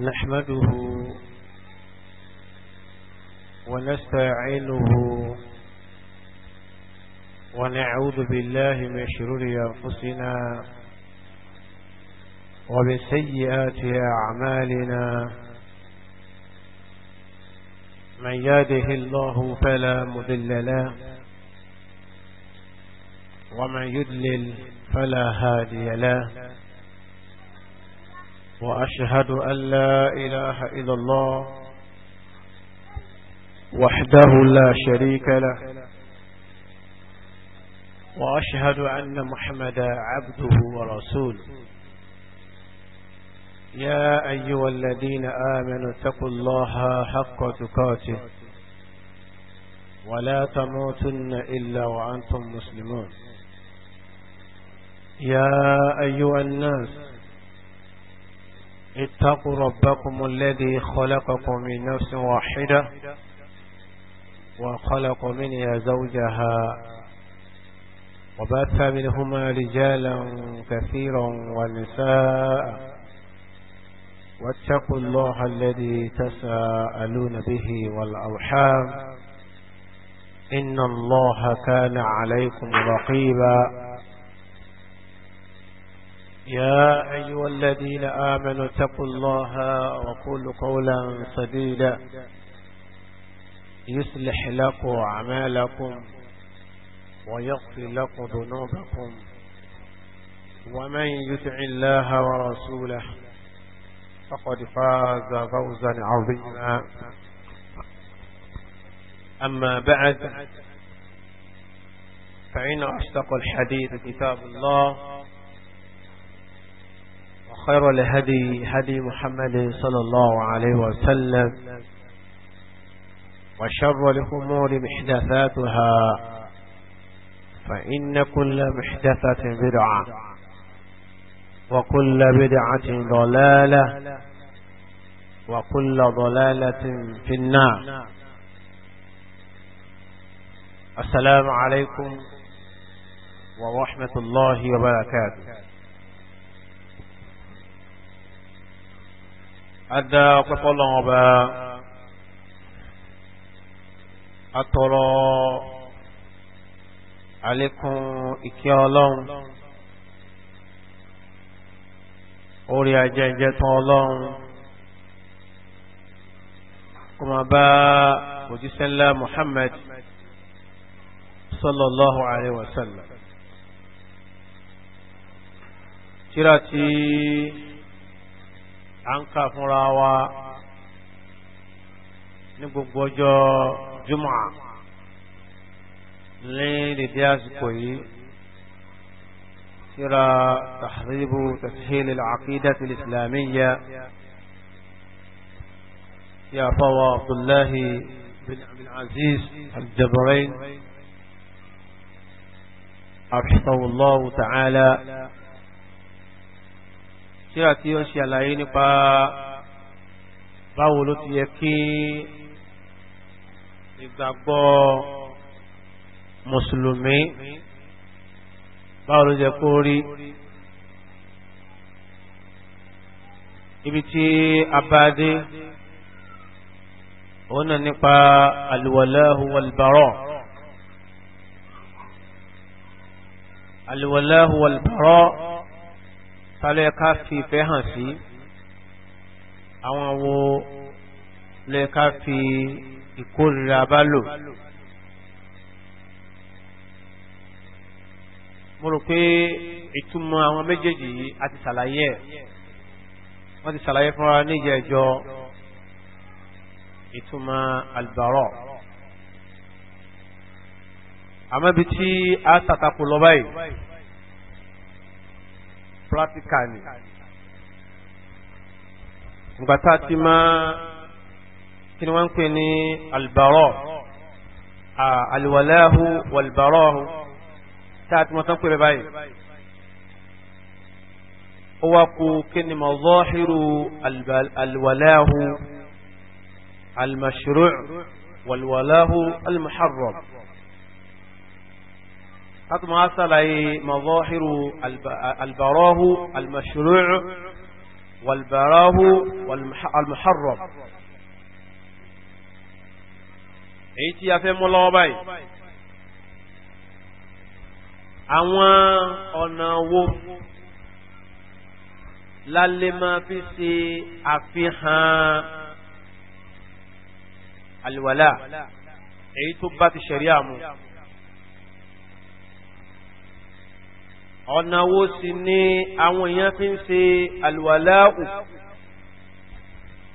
نحمده ونستعينه ونعوذ بالله من شرور أنفسنا ومن سيئات أعمالنا من ياده الله فلا مذل له ومن يدلل فلا هادي له وأشهد أن لا إله إلا الله وحده لا شريك له وأشهد أن محمد عبده ورسوله يا أيها الذين آمنوا اتقوا الله حق تقاته ولا تموتن إلا وأنتم مسلمون يا أيها الناس اتقوا ربكم الذي خلقكم من نفس واحدة وخلق منها زوجها وبث منهما رجالا كثيرا ونساء واتقوا الله الذي تساءلون به والأرحام إن الله كان عليكم رقيبا يا أيها الذين آمنوا اتقوا الله وقولوا قولا سديدا يصلح لكم أعمالكم ويغفر لكم ذنوبكم ومن يطع الله ورسوله فقد فاز فوزا عظيما أما بعد فإن أصدق الحديث كتاب الله خير الهدي هدي محمد صلى الله عليه وسلم وشر الأمور محدثاتها فإن كل محدثة بدعة وكل بدعة ضلالة وكل ضلالة في النار السلام عليكم ورحمة الله وبركاته adá ọpẹ́fọ́ lọ́wọ́ ọba atọrọ àlékún ìkẹ́ ọlọ́run orí ajẹ́ ìjẹ́tọ́ ọlọ́run kó máa bá òjíṣẹ́ ńlá Muhammad sallallahu alaihi wasallam tíra tí à ń kà fúnra ní gbogbo ọjọ́ jùmọ̀ ní dèdè àsìkò yìí síra tahribu tashil al-aqidah al-islamiyya ya fawa عبد bin بن aziz al الجبرين أرحمه الله تعالى tíra tí ó ń ṣe àlàyé nípa báwo ló ti yẹ kí ìgbàgbọ́ mùsùlùmí báwo ló yẹ kó rí ibi tí a òun náà nípa alwalahu walbara alwalahu walbara tálẹ́ ká fi ìfẹ́ hàn sí àwọn wo lẹ ká fi ìkórira bá lò mo rò pé ìtumọ̀ àwọn méjèèjì yìí a ti ṣàlàyé ẹ̀ wọ́n ti ṣàlàyé fún wa níjẹ̀ ẹjọ́ ìtumọ̀ albaro àmọ́ ibi tí a tàtàkù lọ báyìí practical ni ìgbà tá a ti máa kí ni wọ́n ń pè ní albaro alwalahu walbaro tá ti mọ̀ tán pè bẹ́ẹ̀ báyìí ó wá kú kí ni alwalahu almashru' walwalahu almuharram láti máa sàlàyé mazahiru albarahu almashru' walbarahu almuharram èyí tí a fẹ́ mú lọ́wọ́ báyìí àwọn ọ̀nà wo lálẹ́ máa fi ṣe àfihàn alwala èyí tó bá ti ṣẹ̀rí àmú. ọ̀nà wo sì ni àwọn èèyàn fi ń ṣe àlùwàláàkù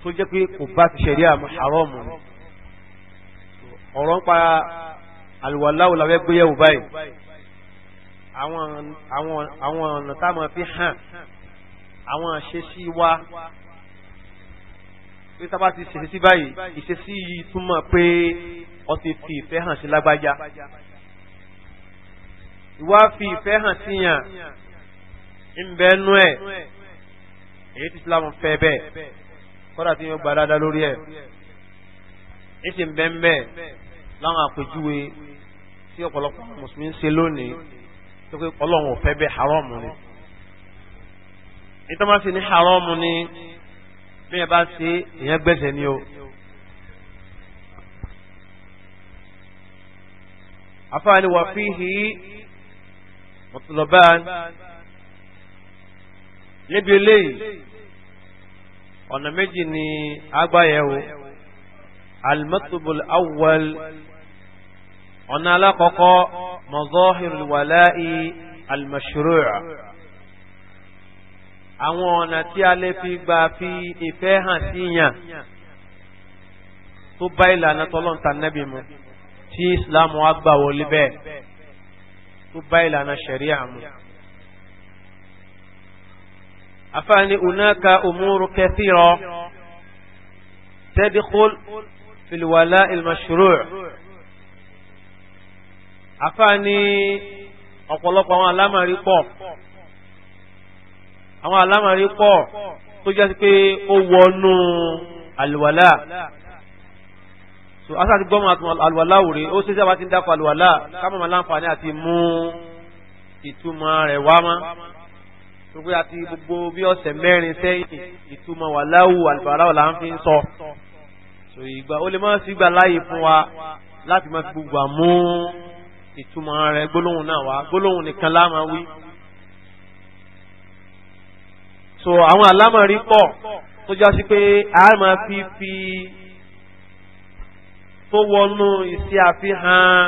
tó jẹ́ pé kò bá ti ṣẹ̀rí àmàrọ̀mù ni ọ̀rọ̀ ń pa àlùwàláàkù làwẹ́ gbéyẹ̀wò báyìí àwọn ọ̀nà táwọn fi hàn àwọn àṣeṣí wa pé sábà ti ṣèṣe sí báyìí ìṣesí yìí túmọ̀ pé ó ti fi ìfẹ́ hàn sí lágbájá ìwà fi ìfẹ́ hàn síyàn ń bẹ nú ẹ̀ èyí tí Islam fẹ́ bẹ́ẹ̀ kọ́dà tí yóò gbàdá lórí ẹ̀ èyí tí ń bẹ ń bẹ láwọn àpèjúwe tí ọ̀pọ̀lọpọ̀ mùsùlùmí ń ṣe lónìí tó pé ọlọ́run ò fẹ́ bẹ́ẹ̀ haram ni ìtọ́ máa ṣe ní haram ni bí yẹn bá ṣe èèyàn gbẹ̀sẹ̀ ni o. afaani wà fíhìí mọ̀tòlọ́bán níbi eléyìí ọ̀nà méjì ni agbáyẹ̀wò almatubul awwal ọ̀nà alákọ̀ọ́kọ́ mazahirul wala'i almashru'a àwọn ọ̀nà tí a lè fi gba fi ìfẹ́ hàn síyàn tó bá ìlànà tọ́lọ́ntà nẹ́bì tí islam wa gbà wọlé bẹ́ẹ̀ tó bá ìlànà ṣẹ̀ríà mu. àfààní onáka òmùrù kẹfìrọ tẹ́díkùl fìlìwàlá ìlmàṣúrò àfààní ọ̀pọ̀lọpọ̀ àwọn alámàrí pọ̀ àwọn alámàrí pọ̀ tó jẹ́ pé ó wọnú àlùwàlá so asa ti gbọ́mọ alùwàlá òre ó ṣe sábà ti ń dákọ̀ alùwàlá kámọ̀ máa láǹfààní ati mú ìtumọ̀ rẹ̀ wá mọ́ gbogbo àti gbogbo bí ọ̀sẹ̀ mẹ́rin sẹ́yìn ìtumọ̀ wàláwù àlùbàrà là ń fi so ìgbà ó lè má sí gbà láàyè fún wa láti má fi gbogbo àmú ìtumọ̀ rẹ̀ gbólóhùn náà wá gbólóhùn nìkan la máa wí so àwọn àlámọ̀rí pọ̀ tó já pé a máa fi fi tó wọnú ìṣe àfihàn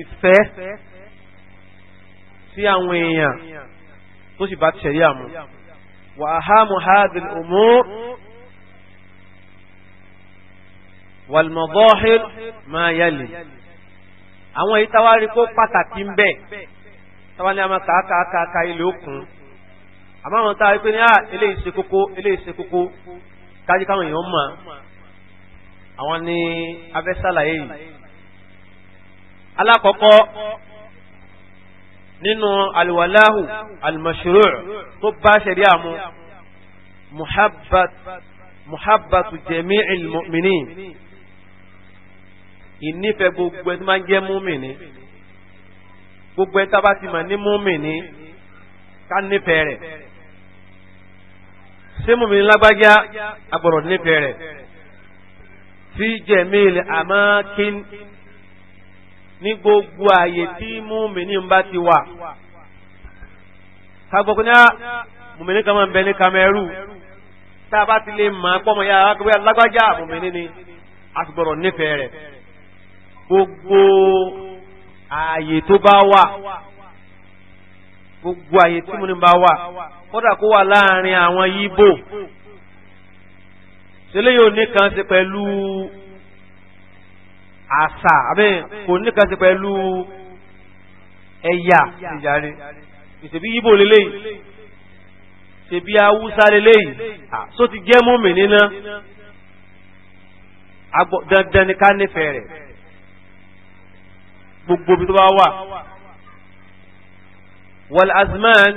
ìfẹ́ sí àwọn èèyàn tó sì bá tẹ̀lé àmú wà áhámù hadhihi al-umur wal-madahir ma yali àwọn èyí táwa rí kó pàtàkì ń bẹ táwa ní a máa kàákàákàá ilé òkun àmọ́ àwọn táwa rí pé ní à ah, eléyìí ṣe kókó eléyìí ṣe kókó kájí káwọn èèyàn mọ̀ àwọn ní abẹ́sàlàyé yìí alákọ̀ọ́kọ́ nínú alwalahu almashru' tó bá ṣẹ̀rí àmú muhabbatu jami'il mu'minin ìnífẹ̀ẹ́ gbogbo ẹ̀ tó máa ń jẹ́ múmìnì gbogbo ẹ̀ tábà ti mọ̀ ní múmìnì ká nífẹ̀ẹ́ rẹ̀ sí múmìnì lágbájá agbọ̀rọ̀ nífẹ̀ẹ́ rẹ̀ fi jẹ̀míl àmákin ní gbogbo àyè tí múmìnì ń bá ti wà. Kagbọ́kún ní múmìnì kan máa ń bẹ ní Kamẹ́rù, tá a bá ti lè máa pọ́mọ ya arákùnrin alágbájá múmìnì ni a ti gbọ́dọ̀ nífẹ̀ẹ́ rẹ̀. Gbogbo àyè tó bá wà, gbogbo àyè tí múmìnì bá wà, kódà kó wà láàrin àwọn Yíbò sílẹ̀ yóò ní kan sí pẹ̀lú àṣà àbí kò ní kan sí pẹ̀lú ẹ̀yà ìjàre ìṣèbí yíbò lélẹ́yìí ṣèbí haúsá lélẹ́yìí só ti jẹ́ mọ́mì níná dandan ni ká nífẹ̀ẹ́ rẹ̀ gbogbo bí tó bá wà wal azman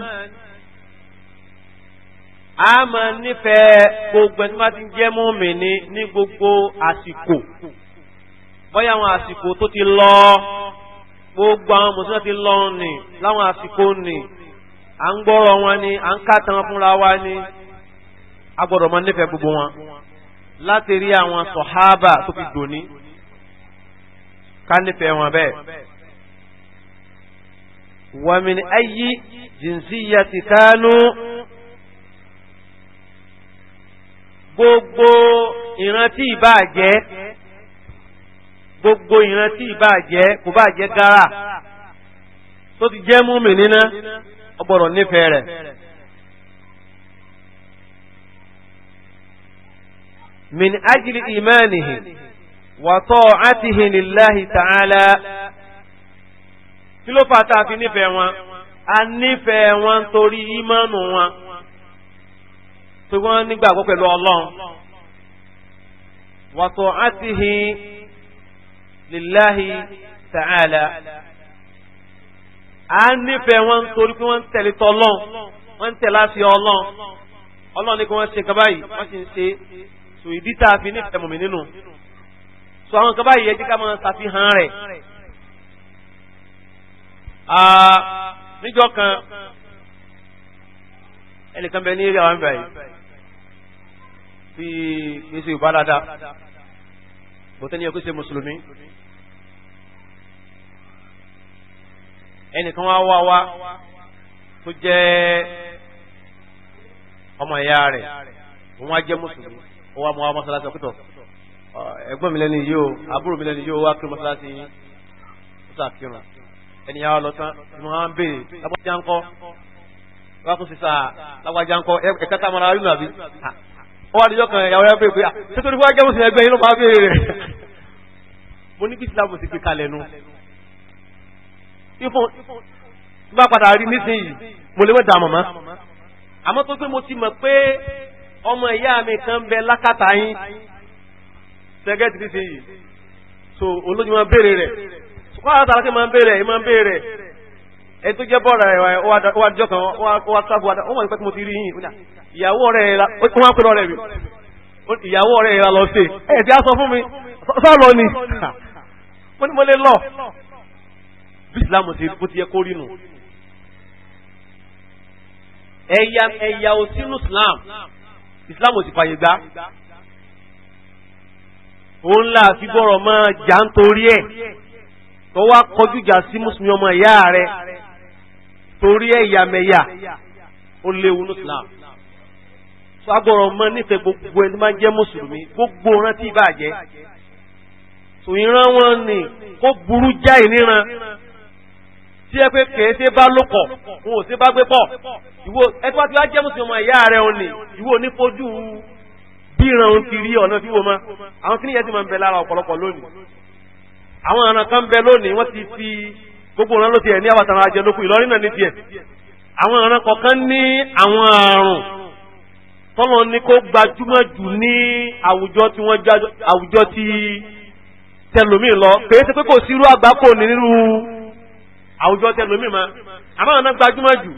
a máa nífẹ̀ẹ́ gbogbo ẹni tó bá ti jẹ́ mùmínì ní gbogbo àsìkò bóyá àwọn àsìkò tó ti lọ gbogbo àwọn mùsùlùmí ti lọ nì láwọn àsìkò nì à ń gbọ́rọ̀ wọn ni à ń kàtàn fúnra wa ni a gbọ́dọ̀ máa nífẹ̀ẹ́ gbogbo wọn láti rí àwọn sọ̀hábà tó fi dòní ká nífẹ̀ẹ́ wọn bẹ́ẹ̀. wa min ayyi jinsiyati gbogbo ìrántí ìbàjẹ́ gbogbo ìrántí ìbàjẹ́ kò bàjẹ́ gara tó ti jẹ́ mú mi níná ọgbọ̀rọ̀ nífẹ̀ẹ́ rẹ̀. min ajili ta'ala kí a fi nífẹ̀ẹ́ wọn a wọn torí pé wọ́n nígbàgbọ́ pẹ̀lú ọlọ́run wa ta'atihi lillahi ta'ala a nífẹ̀ẹ́ wọn torí pé wọ́n ń tẹ̀lé tọ́lọ́n wọ́n ń tẹ̀lé àṣẹ ọlọ́run ọlọ́run ní kí wọ́n ṣe nǹkan báyìí wọ́n sì ń ṣe sò ìdí tá a fi nífẹ̀ẹ́ mọ̀mí nínú sọ àwọn nǹkan báyìí yẹ ká máa ṣàfihàn rẹ̀ níjọ́ kan ẹnìkan bẹ ní eré àwọn àmì tí kìí ṣe yorùbá dáadáa bó tẹ́ni ẹ̀kú ṣe mùsùlùmí ẹnìkan wá wá wá tó jẹ́ ọmọ ìyá rẹ̀ òun wá jẹ́ mùsùlùmí ó wá mọ́ wá mọ́sálásí ọkútọ̀ ẹ̀gbọ́n mi lẹ́nu yìí o àbúrò mi lẹ́nu yìí o wá kí mọ́sálásí yìí ó sàkírun ẹni yà lọ tán ìmọ̀ wọn béèrè lágbájá ńkọ́ wá kó lágbájá ńkọ́ ẹ̀ka tá a mọ̀ ara rí àbí ó wá níjọ́ kan ìyàwó yẹn pé pé ah, ṣètòrí fún akẹ́wọ̀n sí ẹgbẹ́ yín ló máa béèrè rẹ̀ mo ní bí síláàbù ti pè kalẹ̀ nu ifun bá padà rí nísìnyí mo lè wọ́n dà mọ̀mọ́ àmọ́ tó pé mo ti mọ̀ pé ọmọ ìyá mi kan bẹ lákàtà yín sẹ́gẹ́tì nísìnyí so olójú máa béèrè rẹ̀ kọ́ àtàlà sí máa béèrè rẹ̀ máa béèrè rẹ̀ ẹni tó jẹ́ bọ́ọ̀rọ̀ ẹ̀ wá jọ kan wá sábò wá wọ́n mọ̀ nípa tí mo ti rí yìí ìyàwó ọ̀rẹ́ ẹ̀ la ó máa ń pèrò ọ̀rẹ́ ìyàwó ọ̀rẹ́ ẹ̀ la lọ sí ẹ̀ tí a sọ fún mi sọ ni mo ní mo lè lọ bí Islam ti bó ti yẹ kó rí nù ẹ̀yà ẹ̀yà ò Islam Islam ò sì fàyè gbà òun là fi gbọ́rọ̀ mọ́ jà ń torí ẹ̀ tó wá kọjú sí mùsùlùmí ọmọ ìyá rẹ̀ torí ẹ̀yàmẹ̀yà ó léwu Islam so agbọ̀rọ̀ mọ nífẹ̀ẹ́ gbogbo ẹni máa ń jẹ́ mùsùlùmí gbogbo rántí ìbàjẹ́ so ìran wọn ni kó burú jáì níran tí ẹ pé kèé ṣe bá ló pọ̀ wọn ò ṣe bá gbé pọ̀ ìwọ ẹtí wá ti wá jẹ́ mùsùlùmí ọmọ ìyá rẹ̀ òní ìwọ ní fojú bíran òun ti rí ọ̀nà tí wọ́n ma àwọn kìnìyàn ti máa ń bẹ lára ọ̀pọ̀lọpọ̀ lónìí àwọn àna kan bẹ lónìí wọ́n ti fi gbogbo ọ̀ràn ló tiẹ̀ ní àwàtàrà ajẹ́ lókù Ìlọrin náà ní tiẹ̀ àwọn ọ̀ràn kọ̀ọ̀kan ní àwọn àrùn tọ́lọ̀ ní kó gbajúmọ̀ jù ní àwùjọ tí wọ́n já àwùjọ tí tẹlòmíì lọ kèé ṣe pé kò sí irú àgbákò nínú àwùjọ tẹlòmíì mọ́ àmọ́ ọ̀ràn gbajúmọ̀ jù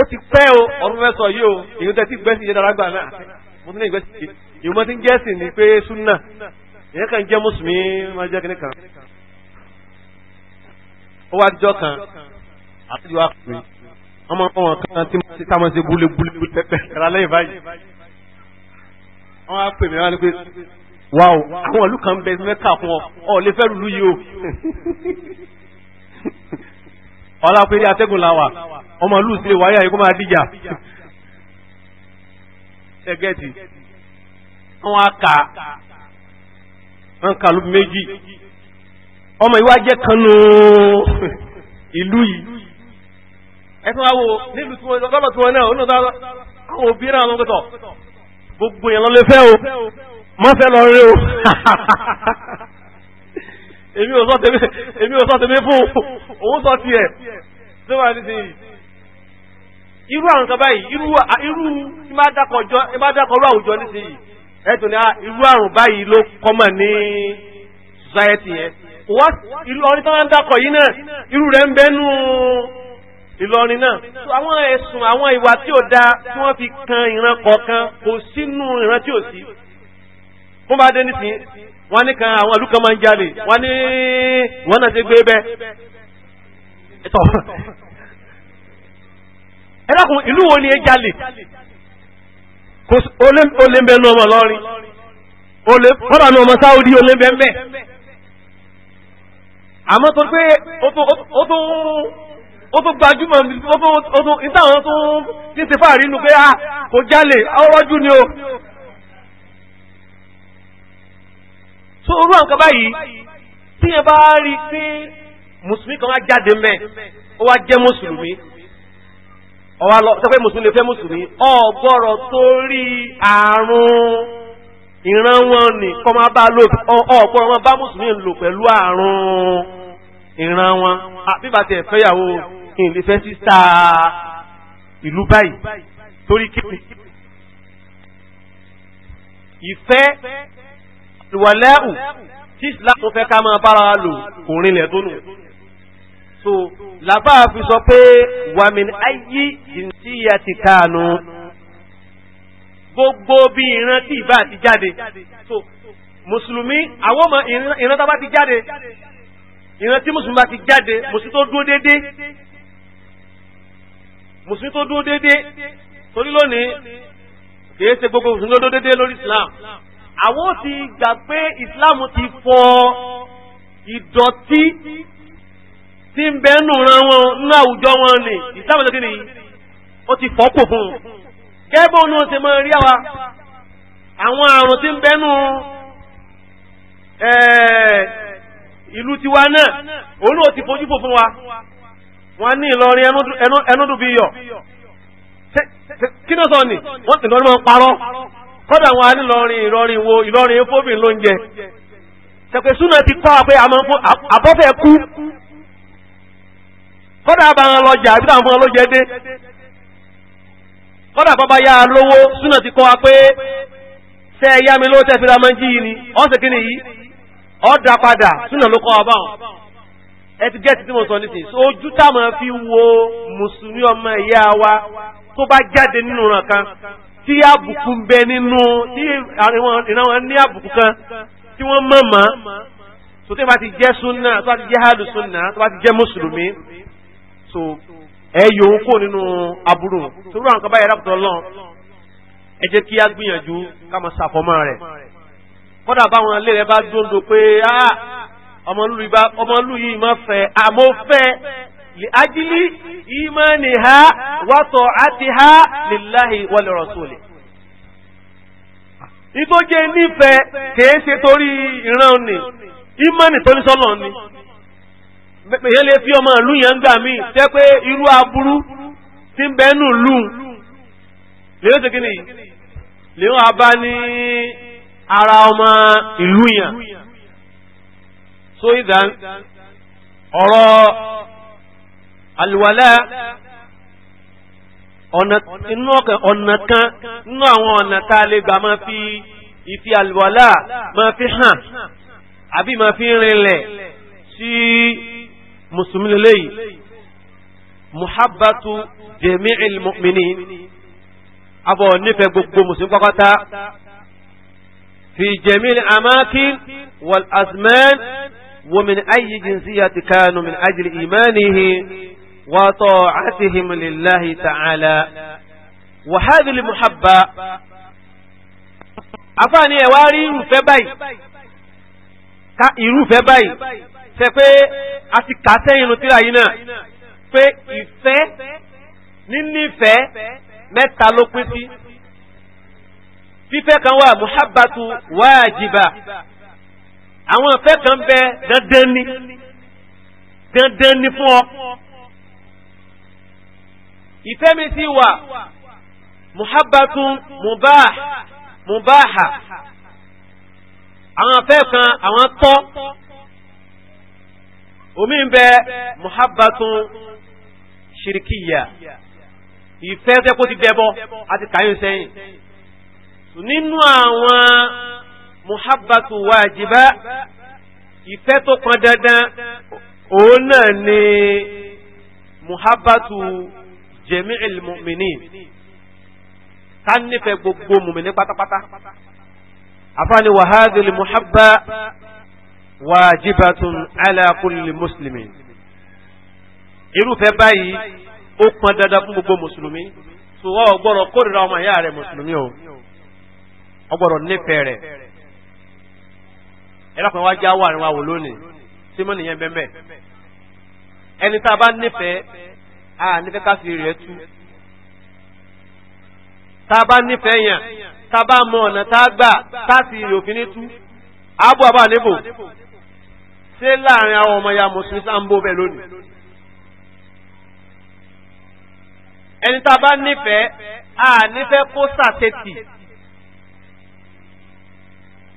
ó ti pẹ́ o ọ̀run fẹ́ sọ yìí o èyí tẹ́ ti gbẹ́sì yé dára gbà náà mo ti ní ìgbẹ́sì yìí ìwọ́n ti ń jẹ́sìn ni pé súnà ìyẹn kàn jẹ́ mùsùlùmí máa jẹ́ kíní kan ó wá jọ kan àti wá pè ọmọ ọmọ kan tí mo ti tá mo ti gúlégbúlé pẹpẹ kẹrẹ lẹ́yìn báyìí wọn á pè mí wọn á ní pé wà ó àwọn ìlú kan bẹ mẹ́ka fún ọ ọ lè fẹ́ lulú yìí o ọlá pé ní atẹ́gùn la wà ọmọ ìlú sílé wáyà yìí kó máa dìjà ẹgẹ́tì wọn á kà wọn kà ló méjì ọmọ ìwá jẹ́ kanú ìlú yìí ẹ̀tún àwò nílùú tí wọ́n lọ́bọ̀ tí wọ́n náà onú dára àwọn òbí náà lọ́gbẹ̀tọ̀ gbogbo èèyàn lọ lè fẹ́ o má fẹ́ lọ rí o èmi ò sọ tèmi fún òun sọ tiẹ̀ tó wà ní sèyí irú àwọn kan báyìí irú irú ìmádàkọ̀ọ́rú àwùjọ ní sèyí ẹ̀tún ní irú àrùn báyìí ló kọ́mọ̀ ní society yẹn Ìlọrin tó máa ń dákọ̀ yìí náà irú rẹ̀ ń bẹ́nu Ìlọrin náà àwọn ẹ̀sùn àwọn ìwà tí ò da tí wọ́n fi kan ìran kọ̀ọ̀kan kò sínú ìran tí ò sí fún bá dé nísìnyí wọ́n ní kan àwọn ìlú kan máa ń jalè wọ́n ní wọ́n náà ti gbé bẹ́ ẹ dákun ìlú wo ni ẹ jalè olè ń bẹ nu ọmọ lọrin olè kọ́dà nu ọmọ sáwọ́dí olè ń bẹ ń àmọ́ tó pé ó tó gbajúmọ̀ ìtàwọn tó ń ṣe fàárí nù pé ah, kò jálè ọrọ́jú ni o tó orú àǹkan báyìí tí yẹn bá rí tí mùsùlùmí kan wá jáde mẹ́ ó wá jẹ́ mùsùlùmí ọwá lọ sọ pé mùsùlùmí lè fẹ́ mùsùlùmí ọgbọ́rọ̀ torí àrùn ìran wọn ni kọ́ máa bá lò ọgbọ́rọ̀ wọn bá mùsùlùmí lò pẹ̀lú àrùn ìran wọn bíbá tẹ̀ fẹ́yàwó ìlẹ́fẹ́ sísá ìlú báyìí torí kíni ìfẹ́ ìwàlẹ́hù tí islam tó fẹ́ ká máa bára lò kò rinlẹ̀ tó nù so làbá fi sọ pé wàmín ayé ìsíyà ti kànú gbogbo bí ìran tí ìbá ti jáde so mùsùlùmí àwọn ọmọ ìran tó bá ti jáde ìran tí mùsùlùmí bá ti jáde mùsùlùmí tó dúró dédé mùsùlùmí tó dúró dédé torí lónìí kìí ṣe gbogbo mùsùlùmí tó dúró dédé lórí islam àwọn ti gbà pé islam ti fọ ìdọ̀tí tí ń bẹ nù ran wọn nínú àwùjọ wọn ni islam lókè nìyí ó ti fọ́ pò fún un kẹ́bọ̀n náà ṣe máa rí àwa àwọn àrùn tí ń bẹ nù ìlú tiwa náà òun náà ti fojú fò fún wa wọn ní Ìlọrin bí yọ kí ló sọ ni wọn ti lọrin máa ń wọn á ní Ìlọrin wo Ìlọrin fóbìn ló ń jẹ tẹpẹ súnà ti kọ àpé àbọ̀fẹ́ kú kódà bá wọn lọ jà àbí táwọn fún wọn ló jẹ dé lowo bàbá ti kọ́ àpé sẹ́ẹ̀ yá mi ló tẹ́ fi ra máa ń jí yìí ni kí ni yìí. ọ̀dà padà súnà ló kọ́ ọba wọn ẹ ti gẹ́ẹ̀tì tí mo sọ nísìnyí so ojú táwọn fi wo mùsùlùmí ọmọ ìyá wa tó bá jáde nínú ràn kan tí àbùkù ń bẹ nínú tí ìran wọn ní àbùkù kan tí wọ́n mọ̀ mọ́ so tí wọ́n bá ti jẹ́ súnà tó bá ti jẹ́ hàlù súnà tó bá ti jẹ́ mùsùlùmí so ẹ yòó kó nínú aburú torí àwọn kan báyìí rákùtọ̀ lọ́n ẹ jẹ́ kí á gbìyànjú ká máa ṣàfọ́mọ́ rẹ̀ kódà báwọn ilé rẹ bá dóńdó pé ọmọlú yìí máa fẹ́ àmọ́ fẹ́ ajílí ìmọ̀ni ha wàtọ̀ àti ha lillahi wal rasuli. ìtọ́jẹ́ nífẹ̀ẹ́ kìí ṣe torí ìran ni ìmọ̀ni tó ní sọ́lọ̀ ni èyí lè fi ọmọ ìlú yẹn ń gbà mí jẹ́ pé irú aburú tí ń bẹ́ẹ̀ nù lù lè ó ṣe lè ó abá ní ara ọmọ ìlú yàn so ìdán ọ̀rọ̀ alwala ọ̀nà kan nínú àwọn ọ̀nà tá a lè gbà máa fi ìfi alwala máa fi hàn àbí máa fi rinlẹ̀ sí mùsùlùmí lélẹ́yìí muhabbatu jami'il mu'minin abọ̀ nífẹ̀ẹ́ gbogbo mùsùlùmí pápátá في جميع الأماكن والأزمان ومن أي جنسية كانوا من أجل إيمانه وطاعتهم لله تعالى وهذه المحبة afáàní ẹ̀wá rí irúfẹ́ báyìí ká irúfẹ́ báyìí ṣe pé a ti kà sẹ́yìn tíra yìí náà pé ìfẹ́ nínífẹ́ mẹ́ta ló pín sí fífẹ́ kan wà muhabbatu wájiba àwọn ìfẹ́ kan bẹ dandan ni dandan ni fún ọ ìfẹ́ mi sì wà muhabbatu mubah mubaha àwọn ìfẹ́ kan àwọn tọ́ omi ń bẹ muhabbatu shirikiya ìfẹ́ tẹ́ kó ti dẹ́bọ́ àti kàyọ̀ sẹ́yìn nínú àwọn muhabbatu wajiba ìfẹ́ tó pọn dandan òun náà ni muhabbatu jami'il mu'minin ká nífẹ̀ẹ́ gbogbo mùmìnì pátápátá afáàní wa hadhihi muhabba wajibatun ala kulli muslimin irúfẹ́ báyìí ó pọn dandan fún gbogbo mùsùlùmí ṣùgbọ́n ọgbọ́rọ̀ kórìíra ọmọ ìyá rẹ̀ mùsùlùmí o ọgbọ́dọ̀ nífẹ̀ẹ́ rẹ̀ ẹlọ́pàá wá já wà ní wa wò lónìí tí mọ́ nìyẹn bẹ́ẹ̀ ẹni tá a bá nífẹ̀ẹ́ a nífẹ̀ẹ́ ká fi rẹ̀ tú tá a bá nífẹ̀ẹ́ yàn tá a bá mọ ọ̀nà tá a gbà tá a sì òfin ní tú ààbò àbá níbò ṣé láàrin àwọn ọmọ ya mùsùlùmí sáà ń bó bẹ́ẹ̀ lónìí ẹni tá a bá nífẹ̀ẹ́ a nífẹ̀ẹ́ kó sàtẹ́tì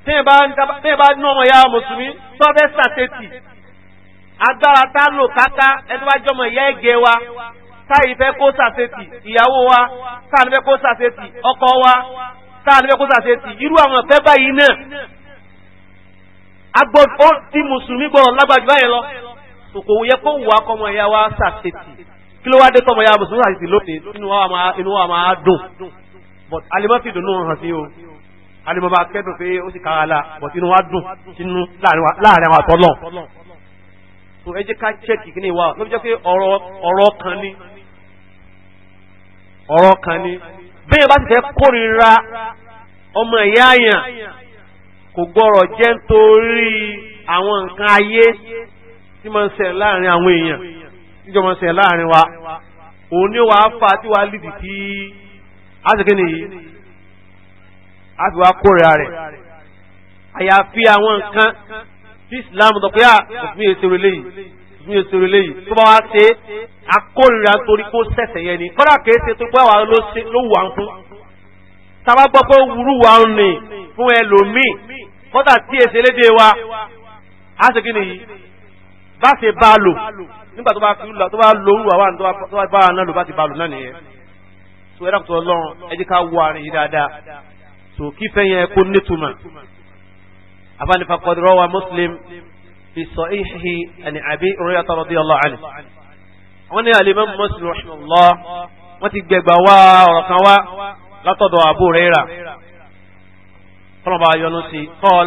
tẹ́yìn bá ní ọmọ ìyá mùsùlùmí tó fẹ́ sàtẹ́tì agbára tá lò káká ẹni wá jọmọ ìyá ẹ̀gẹ́ wa táyì fẹ́ kó sàtẹ́tì ìyàwó wa táà ní fẹ́ kó sàtẹ́tì ọkọ wa táà ní fẹ́ kó sàtẹ́tì irú àwọn ọ̀fẹ́ báyìí náà agbọ́dọ̀ ti mùsùlùmí gbọ́dọ̀ lágbàjú báyìí lọ kò yẹ kó wù akọmọ ìyá wa sàtẹ́tì kí ló wá dé tọmọ ìyá mùsùlùmí sàtẹ́tì lónìí inú wa máa dùn but alimọ́tì dùn náà hàn sí o alimọba kẹ́dùn pé ó sì kára la bọ̀ tínú wa dùn tínú láàrin àwọn àtọ́lọ̀ so ẹ jẹ́ ká chẹ́kì kí ni wa ló fi jẹ́ pé ọ̀rọ̀ kan ni ọ̀rọ̀ kan ni bẹ́ẹ̀ bá ti fẹ́ kórìíra ọmọ ẹ̀yà àyàn kò gbọ́rọ̀ jẹ́ nítorí àwọn nǹkan ayé tí máa ń ṣẹlẹ̀ láàrin àwọn èèyàn tíjọba ń ṣẹlẹ̀ láàrin wa òun ni wàá fà tí wàá lìdì tí á sì kí nìyí a fi wá kórìíra rẹ̀ àyàfi àwọn nǹkan tí islam sọ pé òfin èso relé yìí òfin èso relé yìí tó bá wá ṣe akórìíra torí kó sẹ̀sẹ̀ yẹn ni kọ́dà kìí ṣe tó pé àwa ló wù án fún tábà gbọ́ pé wúrú wa ń nì fún ẹlòmíì kọ́dà tí èsè lédè wa á ṣe kí nìyí bá ṣe bá a lò nígbà tó bá fi lò tó bá lo wúrú àwa tó bá bá a náà lò bá ti bá a lò náà nìyẹn tó ẹ̀rọ tó lọ́rùn ẹ jẹ́ ká wọ àárín yìí dáadáa so kífẹ́ yẹn kó nítumọ̀ abánifa kọ́dúrọ́ wa muslim fi sahihi ani abi hurayrata radiyallahu anhu wọ́n ní alimam muslim rahimahullah wọ́n ti gbẹ̀gbà wá ọ̀rọ̀ kan wá látọ̀dọ̀ abu hurayra tọ́lọ̀bà yọnu sí kọ́l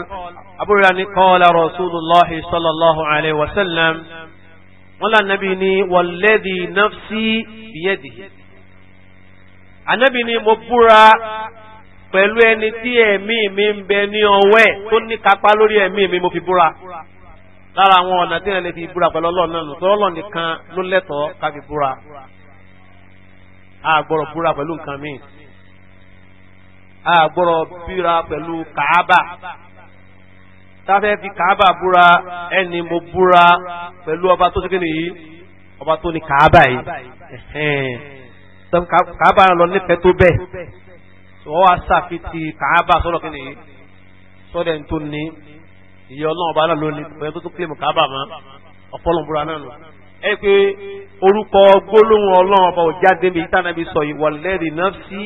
abu hurayra ní qala rasulullahi sallallahu alayhi wa sallam wọ́n lá nàbí ni walladhi nafsi biyadihi anabi ni mo búra pẹ̀lú ẹni tí ẹ̀mí mi ń bẹ ní ọwọ́ ẹ̀ tó ní kápá lórí ẹ̀mí mi mo fi búra lára àwọn ọ̀nà tí ẹni fi búra pẹ̀lú ọlọ́run náà tọ́lọ́ ọlọ́run nìkan ló lẹ́tọ̀ọ́ ká fi búra àgbọ̀rọ̀ búra pẹ̀lú nǹkan míì àgbọ̀rọ̀ búra pẹ̀lú kàábà táfẹ́ fi kàábà búra ẹni mo búra pẹ̀lú ọba tó ṣe nìyí ọba tó ní kàábà yìí kàábà lọ nífẹ̀ẹ́ tó bẹ́ẹ̀ wọ́n wá kaaba kàábà sọ́dọ̀ kí nìyí sọ́dọ̀ ẹni tó ní ìyẹ́ ọlọ́run ọba náà lónìí pẹ̀lú tó tó kílèmù kàábà mọ́ ọ̀pọ̀lọpọ̀ náà nù. ẹ pé orúkọ gbólóhùn ọlọ́run ọba òjáde mi ìtàn náà bí sọ náà sí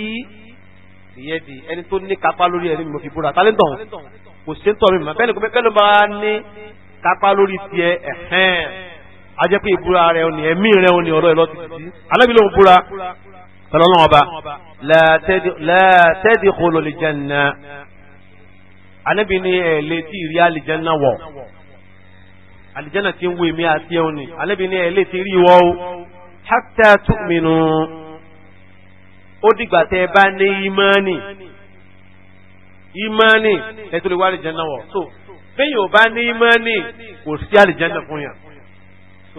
ìyẹ́ di ẹni tó ní kápá lórí ẹni mo fi búra tálẹ́ntàn kò sí tọ́ mi mọ́ bẹ́ẹ̀ ni kò bẹ́ẹ̀ ló máa ní kápá lórí tiẹ̀ ẹ̀hẹ́n a jẹ́ pé ìbúra rẹ̀ ò ní ẹ̀mí rẹ̀ ò ní tọ́lọ́lọ́wọ́ ọba látẹ́dì kolo lè jẹ́ nà anábì ní ẹ̀ létí ìrí àlìjẹ́nà wọ̀ àlìjẹ́nà tí ń wo èmi àti ẹ̀hún ni anábì ní ẹ̀ létí rí wọ́ o hatta tu'minu ó dìgbà tẹ́ ẹ bá ní ìmánì ìmánì ẹ̀ tó lè wá àlìjẹ́nà wọ̀ so bẹ́ẹ̀ yóò bá ní ìmánì kò sí àlìjẹ́nà fún yàn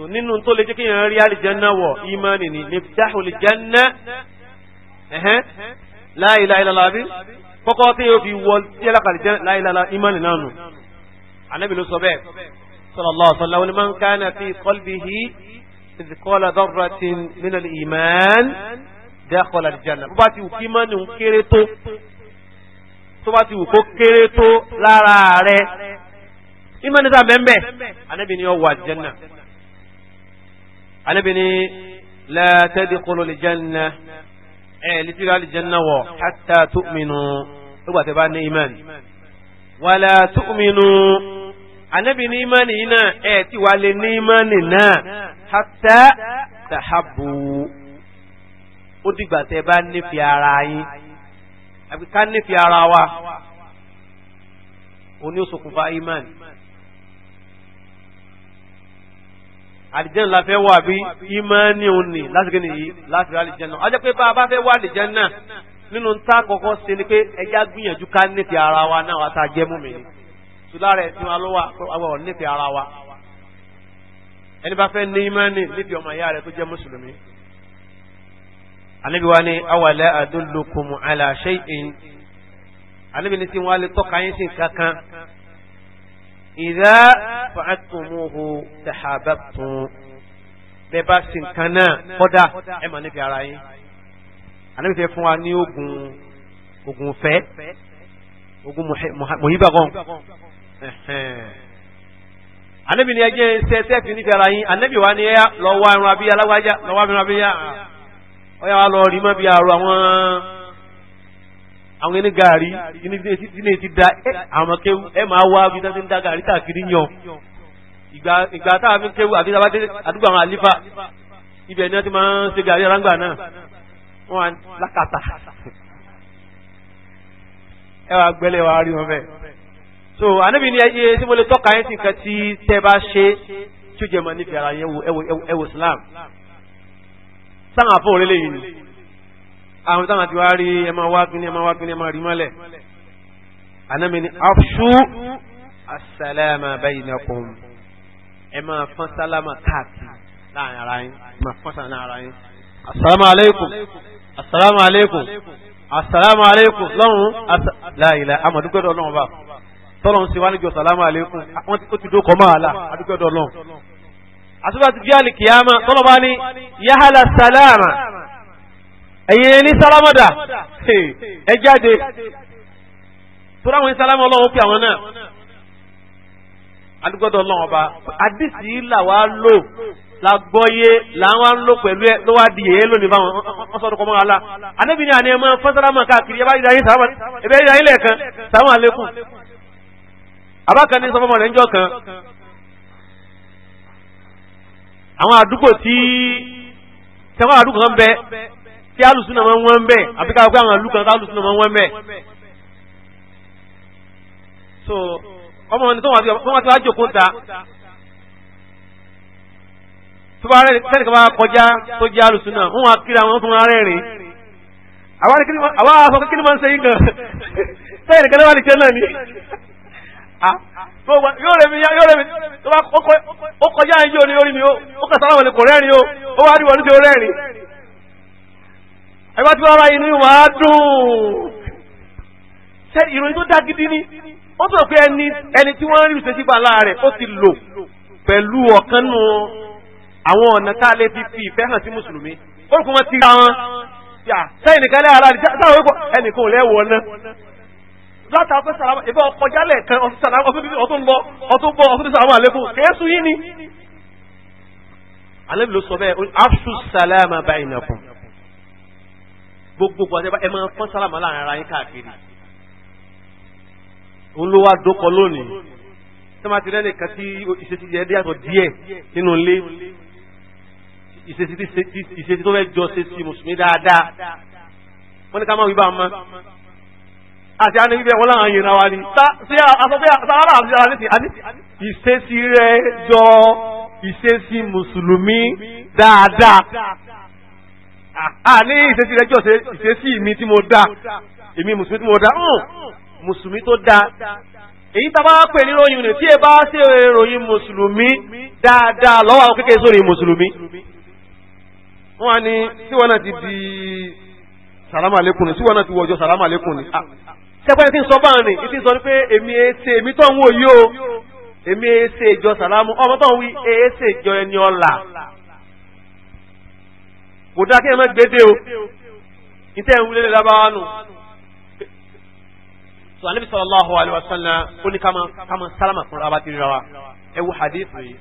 so nínú tó lè jẹ́ kí èèyàn rí àlìjánná wọ̀ ìmánì ni miftahul janna la ilaha illallah bí kọ́kọ́ tí yóò fi wọ tí alákàlìjánná la ilaha ìmánì náà nù anábì ló sọ bẹ́ẹ̀ sallallahu alaihi wasallam man kana fi qalbihi mithqala dharratin min al-iman dakhala al-janna bó bá ti wù kí ìmánì ń kéré tó tó bá ti wù kó kéré tó lára rẹ̀ ìmánì ta bẹ́ẹ̀ ni ó wà janna anabi ni la tadkhulu aljanna ẹ lè ti ra aljanna wọ hatta tu'minu nígbà tí a bá ní iman wala tu'minu anabi ní imani yìí náà ẹ ti wà lè ní imani náà hatta tahabbu ó dìgbà tẹ́ bá nífẹ̀ẹ́ ara yín àbí ká ara wa oní òṣùkùnfà iman. àlìjẹ́nà la fẹ́ wà bí ìmọ̀ọ́nì òní láti gbé nìyí láti rí àlìjẹ́nà a jẹ́ pé bá a bá fẹ́ wà àlìjẹ́nà nínú tá kọ́kọ́ ṣe ni pé ẹja gbìyànjú ká nífẹ̀ẹ́ ara wa náà wàá tá jẹ́ mú mi ni sùlára ẹ̀sìn wa ló wà àwọn nífẹ̀ẹ́ ara wa ẹni bá fẹ́ ní ìmọ̀ọ́nì nífẹ̀ẹ́ ọmọ ìyá rẹ̀ tó jẹ́ mùsùlùmí. àníbi wa ni awàlẹ́ àdúlùkùmù àlàṣẹ́ ìyìn àníbi ni tí wọ́n á lè tọ́ka ìdá fàátùmùhù tàhábàtùn bẹ́ẹ̀ bá sì nǹkan náà kọ́dà ẹ mà níbi ara yín ànábì fẹ́ fún wa ní ogun ogun fẹ́ ogun mọ̀híbà kan ànábì ni ẹjẹ sẹ́sẹ́ fi níbi ara yín ànábì wa ni ẹ lọ wá irun abíyá alágbájá lọ wá irun abíyá ọ̀yà wa lọ rí mọ́ bí arọ àwọn àwọn ẹni gàrí ilé ti da àwọn kéwù ẹ máa wá bí dáńtí da gàrí káàkiri yan ìgbà táwa fi ń kéwù àbí táwa dé àdúgbò àwọn àlífà ibẹ̀ ni wọ́n ti máa ń ṣe gàrí aráńgbà náà wọ́n á lákàtà ẹ wàá gbẹ́lẹ̀ wàá rí wọn bẹ́ẹ̀. so ànábì ni ẹyẹ tí mo lè tọ́ka yẹn ti nǹkan tí tẹ́ bá ṣe tí ó jẹ́ mọ́ nífẹ̀ẹ́ ara yẹn ẹwò Islam sáwọn àfọwọ́rẹ́lẹ̀ yìí ni àwọn táwọn àti wá rí ẹ máa wá kíní ẹ máa wá kíní ẹ máa rí mọ́lẹ̀ anamini afṣu asalama bayinakum ẹ máa fọ́n sálámà káàkiri láàrin ara yín ẹ máa fọ́n sálámà ara yín asalaamu aleykum asalaamu aleykum asalaamu aleykum lọ́hùn láìlá amadugbẹ́dọ̀ lọ́hùn bá tọ́lọ̀ ń ṣe wá ní jọ salamu aleykum wọ́n ti tó dókọ̀ máa la adugbẹ́dọ̀ lọ́hùn àtúbà ti bí alìkìyàmá tọ́lọ̀ bá ní yahala salama ẹ̀yin ẹni sálámọ̀dà ẹ jáde tó ráwọn sálámọ̀ ọlọ́run pé àwọn náà adúgbọ́dọ̀ ọlọ́run ọba àdìsí là wá lò la gbọ́yé làwọn ń lò pẹ̀lú ẹ ló wá di èyí lónìí báwọn ọsọdún kọmọ ala alẹ́bí ni àní ẹ máa fọ́n sálámọ̀ káàkiri ẹ bá yíra yín sálámọ̀ ẹ bẹ́ yíra yín lẹ́ẹ̀kan sáwọn àlékún abákan ní sọfọ́mọ rẹ̀ ń jọ kan àwọn àdúgbò tí tẹwọn àdúgbò kan bẹ tí alùsùnà máa ń wọ́n bẹ́ẹ̀ àbí ká pé àwọn ìlú kan tí alùsùnà máa ń wọ́n bẹ́ẹ̀. so ọmọ wọn ni tó wọn ti wá jòkó ta tó bá rẹ̀ sẹ́ni kan bá kọjá tó jẹ́ alùsùnà wọ́n wá kiri àwọn fún ara rẹ̀ àwa sọ pé kí ni máa ń ṣe yín gan sẹ́yìn nìkan lọ́wọ́ àlìjẹ́ náà ni ah, yóò rẹ̀ mi yóò rẹ̀ mi ó kọjá ẹjọ́ ni orí mi ó kàtàkùn àwọn ẹ̀kọ́ rẹ́rìn ó wá rí wọn ní ti ó rẹ́rìn ẹgbẹ́ tí wọ́n ra inú ìwà á dùn ṣe ìròyìn tó dágídí ni ó sọ pé ẹni tí wọ́n rí ìṣesí gbà láàrẹ̀ ó ti lò pẹ̀lú ọ̀kan nù àwọn ọ̀nà tá a lè fi fi ìfẹ́ hàn sí mùsùlùmí ó rò pé wọ́n ti ra wọn sẹ́yìn nìkan lẹ́yìn aláàdì sáwọn ìkọ̀ ẹnìkan ò lẹ́wọ̀ náà látàá pé sàlámà ìbá ọkọ̀ jálẹ̀ kan ọ̀tún bọ̀ ọ̀tún sàlámà àlékún kẹ́sù yìí ni. alẹ́ ló sọ bẹ́ẹ̀ afṣu sàlámà báyìí nàkùn gbogbo gbàdébà ẹ máa fọ́n sálàmù láàrin ara yín káàkiri òun ló wá dókọ lónìí sọ́mà ti lẹ́nu kan tí ìṣesí yẹn dé yàtọ̀ díẹ̀ nínú ilé ìṣesí tó fẹ́ jọ ṣe sí mùsùlùmí dáadáa wọ́n ní ká máa wí bá a mọ́ àti àwọn ibi ẹ̀wọ̀n láwọn yìí ra wa ni sáárà àti ara nítì àti ìṣesí rẹ̀ jọ ìṣesí mùsùlùmí dáadáa a ah, ní ìṣesí rẹ̀ jọ̀ṣe ìṣesí mi tí mo dá èmi mùsùlùmí tí mo dá hmm, mùsùlùmí tó dá èyí tá a bá pè ní ròyìn rẹ̀ tí ẹ bá ṣe ròyìn mùsùlùmí dáadáa lọ́wọ́ àwọn kékeré sórí mùsùlùmí wọ́n á ní tí wọ́n náà ti di sàlámù àlékún ni tí wọ́n náà ti wọ̀jọ sàlámù àlékún ni sẹ́pẹ́ ah, ti ń sọ báyìí ni ti ń sọ pé èmi èsè e èmi tó ń wò yìí o èmi èsè e ìjọ sàlámù ọmọ tó ń wí èsè ìjọ ẹni ọ̀la kò dá kéèyàn má gbédè o ìtẹ́ ń wulẹ̀ lábáwá nù. sọ anabi sallallahu alayhi wa sallam ó ní kama kama sálámà fúnra wa ti rira wa ẹ wo hadith rẹ̀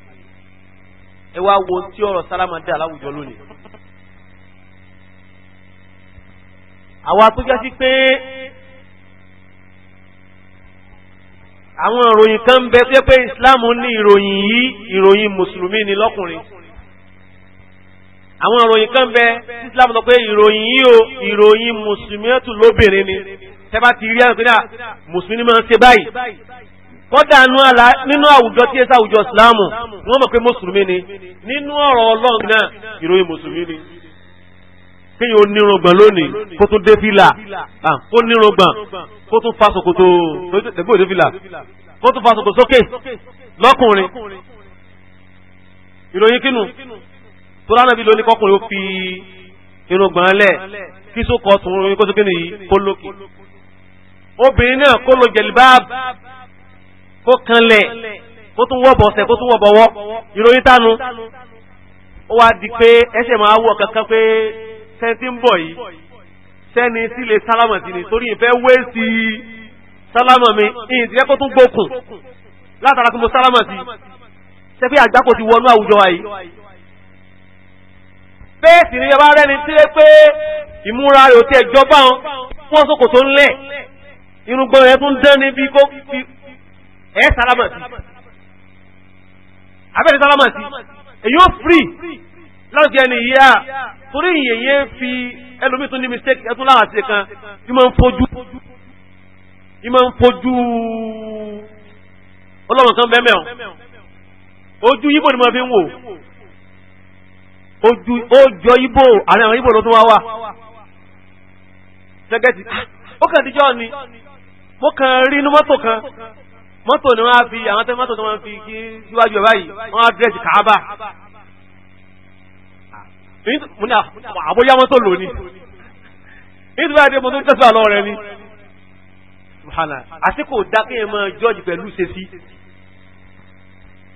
ẹ wá wo tí ọ̀rọ̀ sálámà dé aláwùjọ lónìí. àwa tó jásí pé àwọn ìròyìn kan bẹ pé islam ní ìròyìn yìí ìròyìn mùsùlùmí ni lọ́kùnrin àwọn ìròyìn kan bẹ islam sọ pé ìròyìn yìí o ìròyìn mùsùlùmí tù lóbìnrin ni tẹ́bá ti rí àgbẹ̀dá mùsùlùmí máa ń ṣe báyìí kọ́dà nínú àwùjọ tí ẹ̀sà àwùjọ ìsìláàmù wọ́n mọ̀ pé mùsùlùmí ni nínú ọ̀rọ̀ ọlọ́run náà ìròyìn mùsùlùmí ni kéèyàn ó nírùngbọ̀n lónìí kó tún dé fìlà kó nírùngbọ̀n kó tún fa ṣòkòtò tẹ̀gbọ́n òde fìlà kó tún fa ṣòkòtò sókè lọ́kùnrin ìròyìn kínú tóra nàbí lóní kọkùnrin ó fi irùngbọ̀n lẹ̀ kí só kọ tún orin kóso kíni yìí kó lókè obìnrin náà kó lo jẹ̀lìbáàb kó kanlẹ̀ kó tún wọ́ bọ̀ọ̀sẹ̀ kó tún wọ́ bọ̀wọ́ ìròyìn tánu ó wá di pé ẹsẹ̀ máa wọ̀ kankan pé sẹ́ńtì ń bọ̀ yìí sẹ́ni sílé sálámà sí ni torí ìfẹ́ wéèsì sálámà mi ìyìn tí kẹ́kọ̀ọ́ tún gbókùn látara kí mo sálámà sí ṣe pé àgbákò ti wọnú àwùjọ wa yìí bẹ́ẹ̀ sì ni ẹ bá rẹ́ni tí lé pé ìmúra rẹ̀ ò tí ẹ jọba wọn wọ́n sókò tó ń lẹ̀ irùngbọ̀n rẹ̀ tún dán níbi kó fi ẹ̀ sálámà sí abẹ́rẹ́ sálámà sí èyí ó free láti ẹni yìí à torí ìyẹ̀yẹ́ fi ẹlòmíì tún ní mistake ẹtún láwọn àti kan ìmọ̀ ń fojú ìmọ̀ ń fojú ọlọ́run kan bẹ́ẹ̀ mẹ́ọ̀ ojú yíbọn ni mo fi ń wò ojú ojọ ibo àárín àwọn ibo ló tún wá wà sẹgẹtì ah, ó kàn tíjọ ni mo kàn rí inú mọ́tò kan mọ́tò ni wọ́n á fi àwọn tẹ́ mọ́tò tí wọ́n fi kí síwájú ẹ̀ báyìí wọ́n á dírẹ́sì kàábà ah, mo ní ah, àbóyá mọ́tò lò ní nítorí àdé mo tó tẹ́sí àlọ́ rẹ ni àsìkò dákẹ́ mọ́ jọ́ọ̀jì pẹ̀lú ṣe sí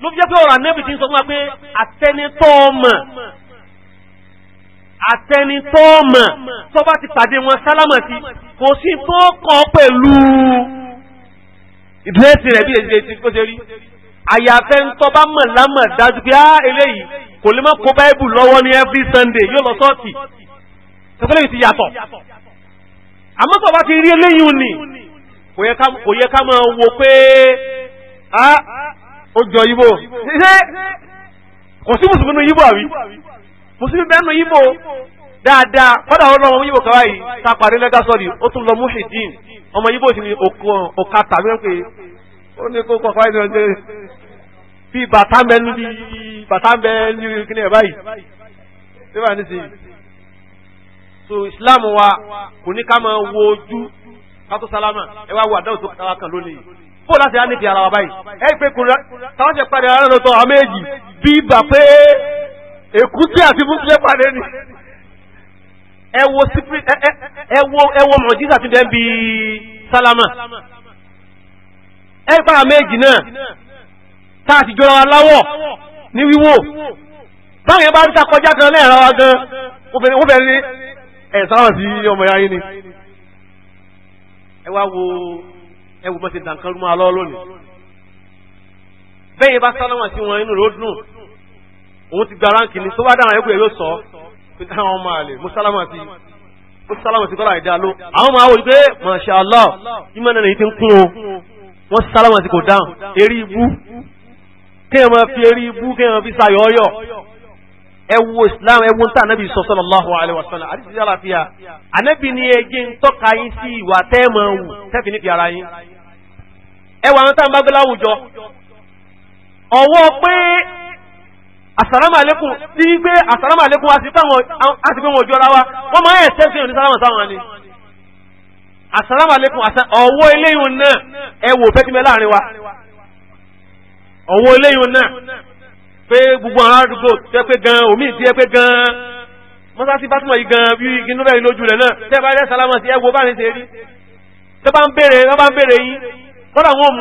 ló fi jẹ́ pé ọ̀rọ̀ ànẹ́bì ti ń sọ fún wa pé àtẹnitọ́ ọmọ àtẹni tó mọ̀ tó bá ti pàdé wọn sálámà sí kò sí tó kọ́ pẹ̀lú ìdúrẹ́sì rẹ̀ bí èdè ti kó ṣe rí àyàfẹ́ ń tọ́ bá mọ̀ lámọ̀ dájú pé á eléyìí kò lè má kó báíbù lọ́wọ́ ní every sunday yóò lọ sọ́ọ̀tì tọ́kọ́lẹ́ yìí ti yàtọ̀ àmọ́ tó bá ti rí eléyìí ni kò yẹ ká máa wo pé ó jọ ibo ṣe kò sí mùsùlùmí ibo àbí mùsùlùmí bẹ́ẹ̀ nù yíbo dáadáa kọ́dà ọ̀rọ̀ ọmọ yíbo kàwá yìí tá a parí lẹ́gà sọ́ọ̀dì ó tún lọ Muhyiddin ọmọ yíbo sì ni òkà tàbí wọn pé ó ní kó kọ́kọ́ ẹni ọjọ́ bí bàtà ń bẹ ní bí bàtà ń bẹ ní kíní ẹ̀ báyìí ṣé wà ní sèyí. so Islam wa kò ní ká máa wo ojú kátó sálámà ẹ wá wo àdáwò tó kára kan lónìí fóò láti á nífi ara wa báyìí ẹ pé kùnrin táwọn ṣe parí ara lọ́tọ̀ àméjì bí bà pé èkúté àti búkúlẹ̀ pàdé ni ẹ wo spirit ẹ ẹ wo ẹ wo mọ̀jísà ti dẹ́n bí sálámà ẹ gbára méjì náà tá a ti jọra wa láwọ̀ ní wíwò báyìí bá rí ta kọjá kan lẹ́ẹ̀rọ wa gan ó bẹ̀rẹ̀ ní ẹ̀ sáwọn sí ọmọ yáyé ni ẹ wá wo ẹ wo bọ́ ti dànkan rúmọ́ alọ́ lónìí bẹ́ẹ̀ bá sálámà sí wọn inú ròdùn òun ti gba ránkì ni tó bá dára ẹkú ẹ yóò sọ pé àwọn ọmọ àlè mùsàlámù ti mùsàlámù ti kọ́ra ìdá ló àwọn ọmọ àwọn olùgbé masha allah ìmọ̀ náà yìí ti ń kún o wọ́n sàlámù ti kò dáhùn eré ibú kéèyàn máa fi eré ibú kéèyàn fi sa yọ̀ọ́yọ̀ ẹ islam ẹ wo ń tà ànábì sọ sallallahu alaihi àti sísè àlàáfíà ànábì ni ẹ jẹ́ yín sí ìwà tẹ́ wù tẹ́fì níbi ara yín ẹ wà ń tà ń pé àsàrámà àlékún tí wípé àsàrámà àlékún a ti pé wọn ojú ọlá wa wọ́n máa ń ẹ̀sẹ̀ sí òní sálámà sáwọn ni àsàrámà àlékún ọ̀wọ́ eléyìí náà ẹ wò pẹ́tìmẹ́ láàrin wa ọ̀wọ́ eléyìí náà pé gbogbo àwọn àdúgbò tẹ́ pé gan omi ìdí ẹ pé gan mọ́sáàsì bátúmọ̀ yìí gan bí inú rẹ̀ lójú rẹ̀ náà tẹ́ bá rẹ̀ sálámà sí ẹ wo báyìí ṣe rí tẹ́ bá ń béèrè yín kọ́dà wọ́n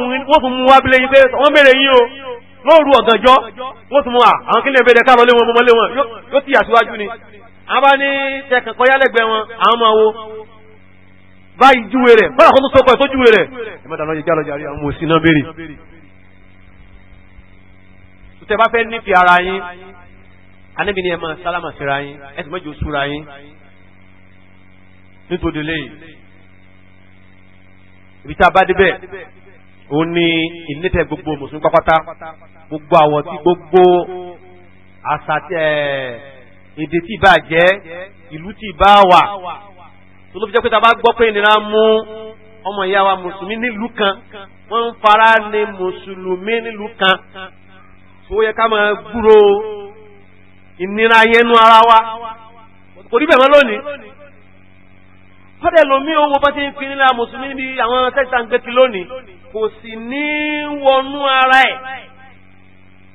mú wá bílẹ̀ yín pé wọ́n béèrè yín o lóòrù ọ̀gànjọ́ wọ́n tún mú à àwọn kílẹ̀ ìbẹ̀rẹ̀ káàmọ́ lé wọn mọ́mọ́ lé wọn yóò ti yàtúwájú ni àbá ní tẹ̀kàn kọjá lẹ́gbẹ̀ẹ́ wọn àwọn ọmọ wo báyìí júwe rẹ̀ báyà kó tó sọ pẹ̀ tó júwe rẹ̀ ìmọ̀dà lọ́jọ́ jálọ jàrí àwọn òsì náà béèrè tẹ bá fẹ́ nífi ara yín anábìíní ẹ̀ máa sálámà síra yín ẹ̀ sì mọ́jọ́ súra yín nítorí lẹ́yìn ibi tá a bá débẹ̀ òun ni ìnítẹ̀ gbogbo mùsùlùmí pápátá gbogbo àwọn tí gbogbo àṣà èdè tí ìbá jẹ́ ìlú tí ìbá wà tó ló fi jẹ́ pé ta bá gbọ́ pé ìnira mú ọmọ ìyá wa mùsùlùmí nílùú kan wọ́n ń fara ní mùsùlùmí nílùú kan tó yẹ ká máa gbúrò ìnira yẹnu ara wa kò rí bẹ́ẹ̀ lónìí kọ́dẹ̀ lomi owó bá ti ń fi nílá mùsùlùmí níbi àwọn tẹ́sítà ń gbé ti lónìí kò sì ní wọnú ara ẹ̀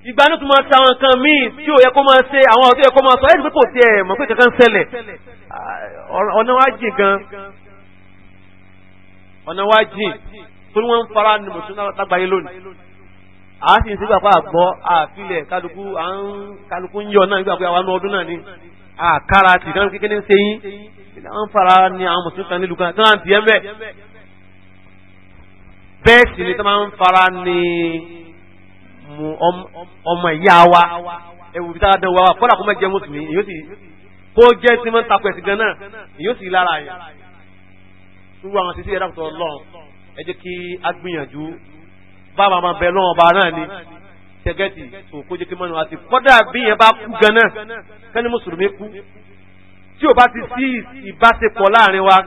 ìgbà ní tún máa ta àwọn nǹkan míì tí ò yẹ kó máa ṣe àwọn ọ̀tọ́ yẹ kó máa sọ ẹ́dùn pé kò sí mọ̀ pé kankan ṣẹlẹ̀ ọ̀nà wa jìn gan ọ̀nà wa jìn torí wọ́n ń fara ní mùsùlùmí lágbàáyé lónìí a sì ń sígbà pa àgbọ́ àfilẹ̀ kálukú à ń kálukú ń yọ náà nígbà àwọn ọdún náà ni àkàrà tìkan kékeré ń ṣe yín àwọn fara ni àwọn mùsùlùmí kan nílùú kan tí wọ́n ti yẹn bẹ́ẹ̀ bẹ́ẹ̀ sì ni tí wọ́n fara ni ọmọ ìyá wa ewu bí táwọn dẹwà wa kọ́dà kó má jẹ́ mùsùlùmí èyí ó sì kó jẹ́ tí wọ́n takò ẹ̀sìn gan náà èyí ó sì lára yẹn irú àwọn títí ẹ̀dá ọlọ́run ẹ jẹ́ kí a gbìyànjú báwa máa bẹ lọ́wọ́ ọba náà ni tẹ́gẹ́tì tó kó jẹ́ kí mọ́nu àti kọ́dà bí yẹn bá kú gan náà kẹ́ni mùsùlùmí kú tí o bá ti sí ìbáṣepọ̀ láàrin wa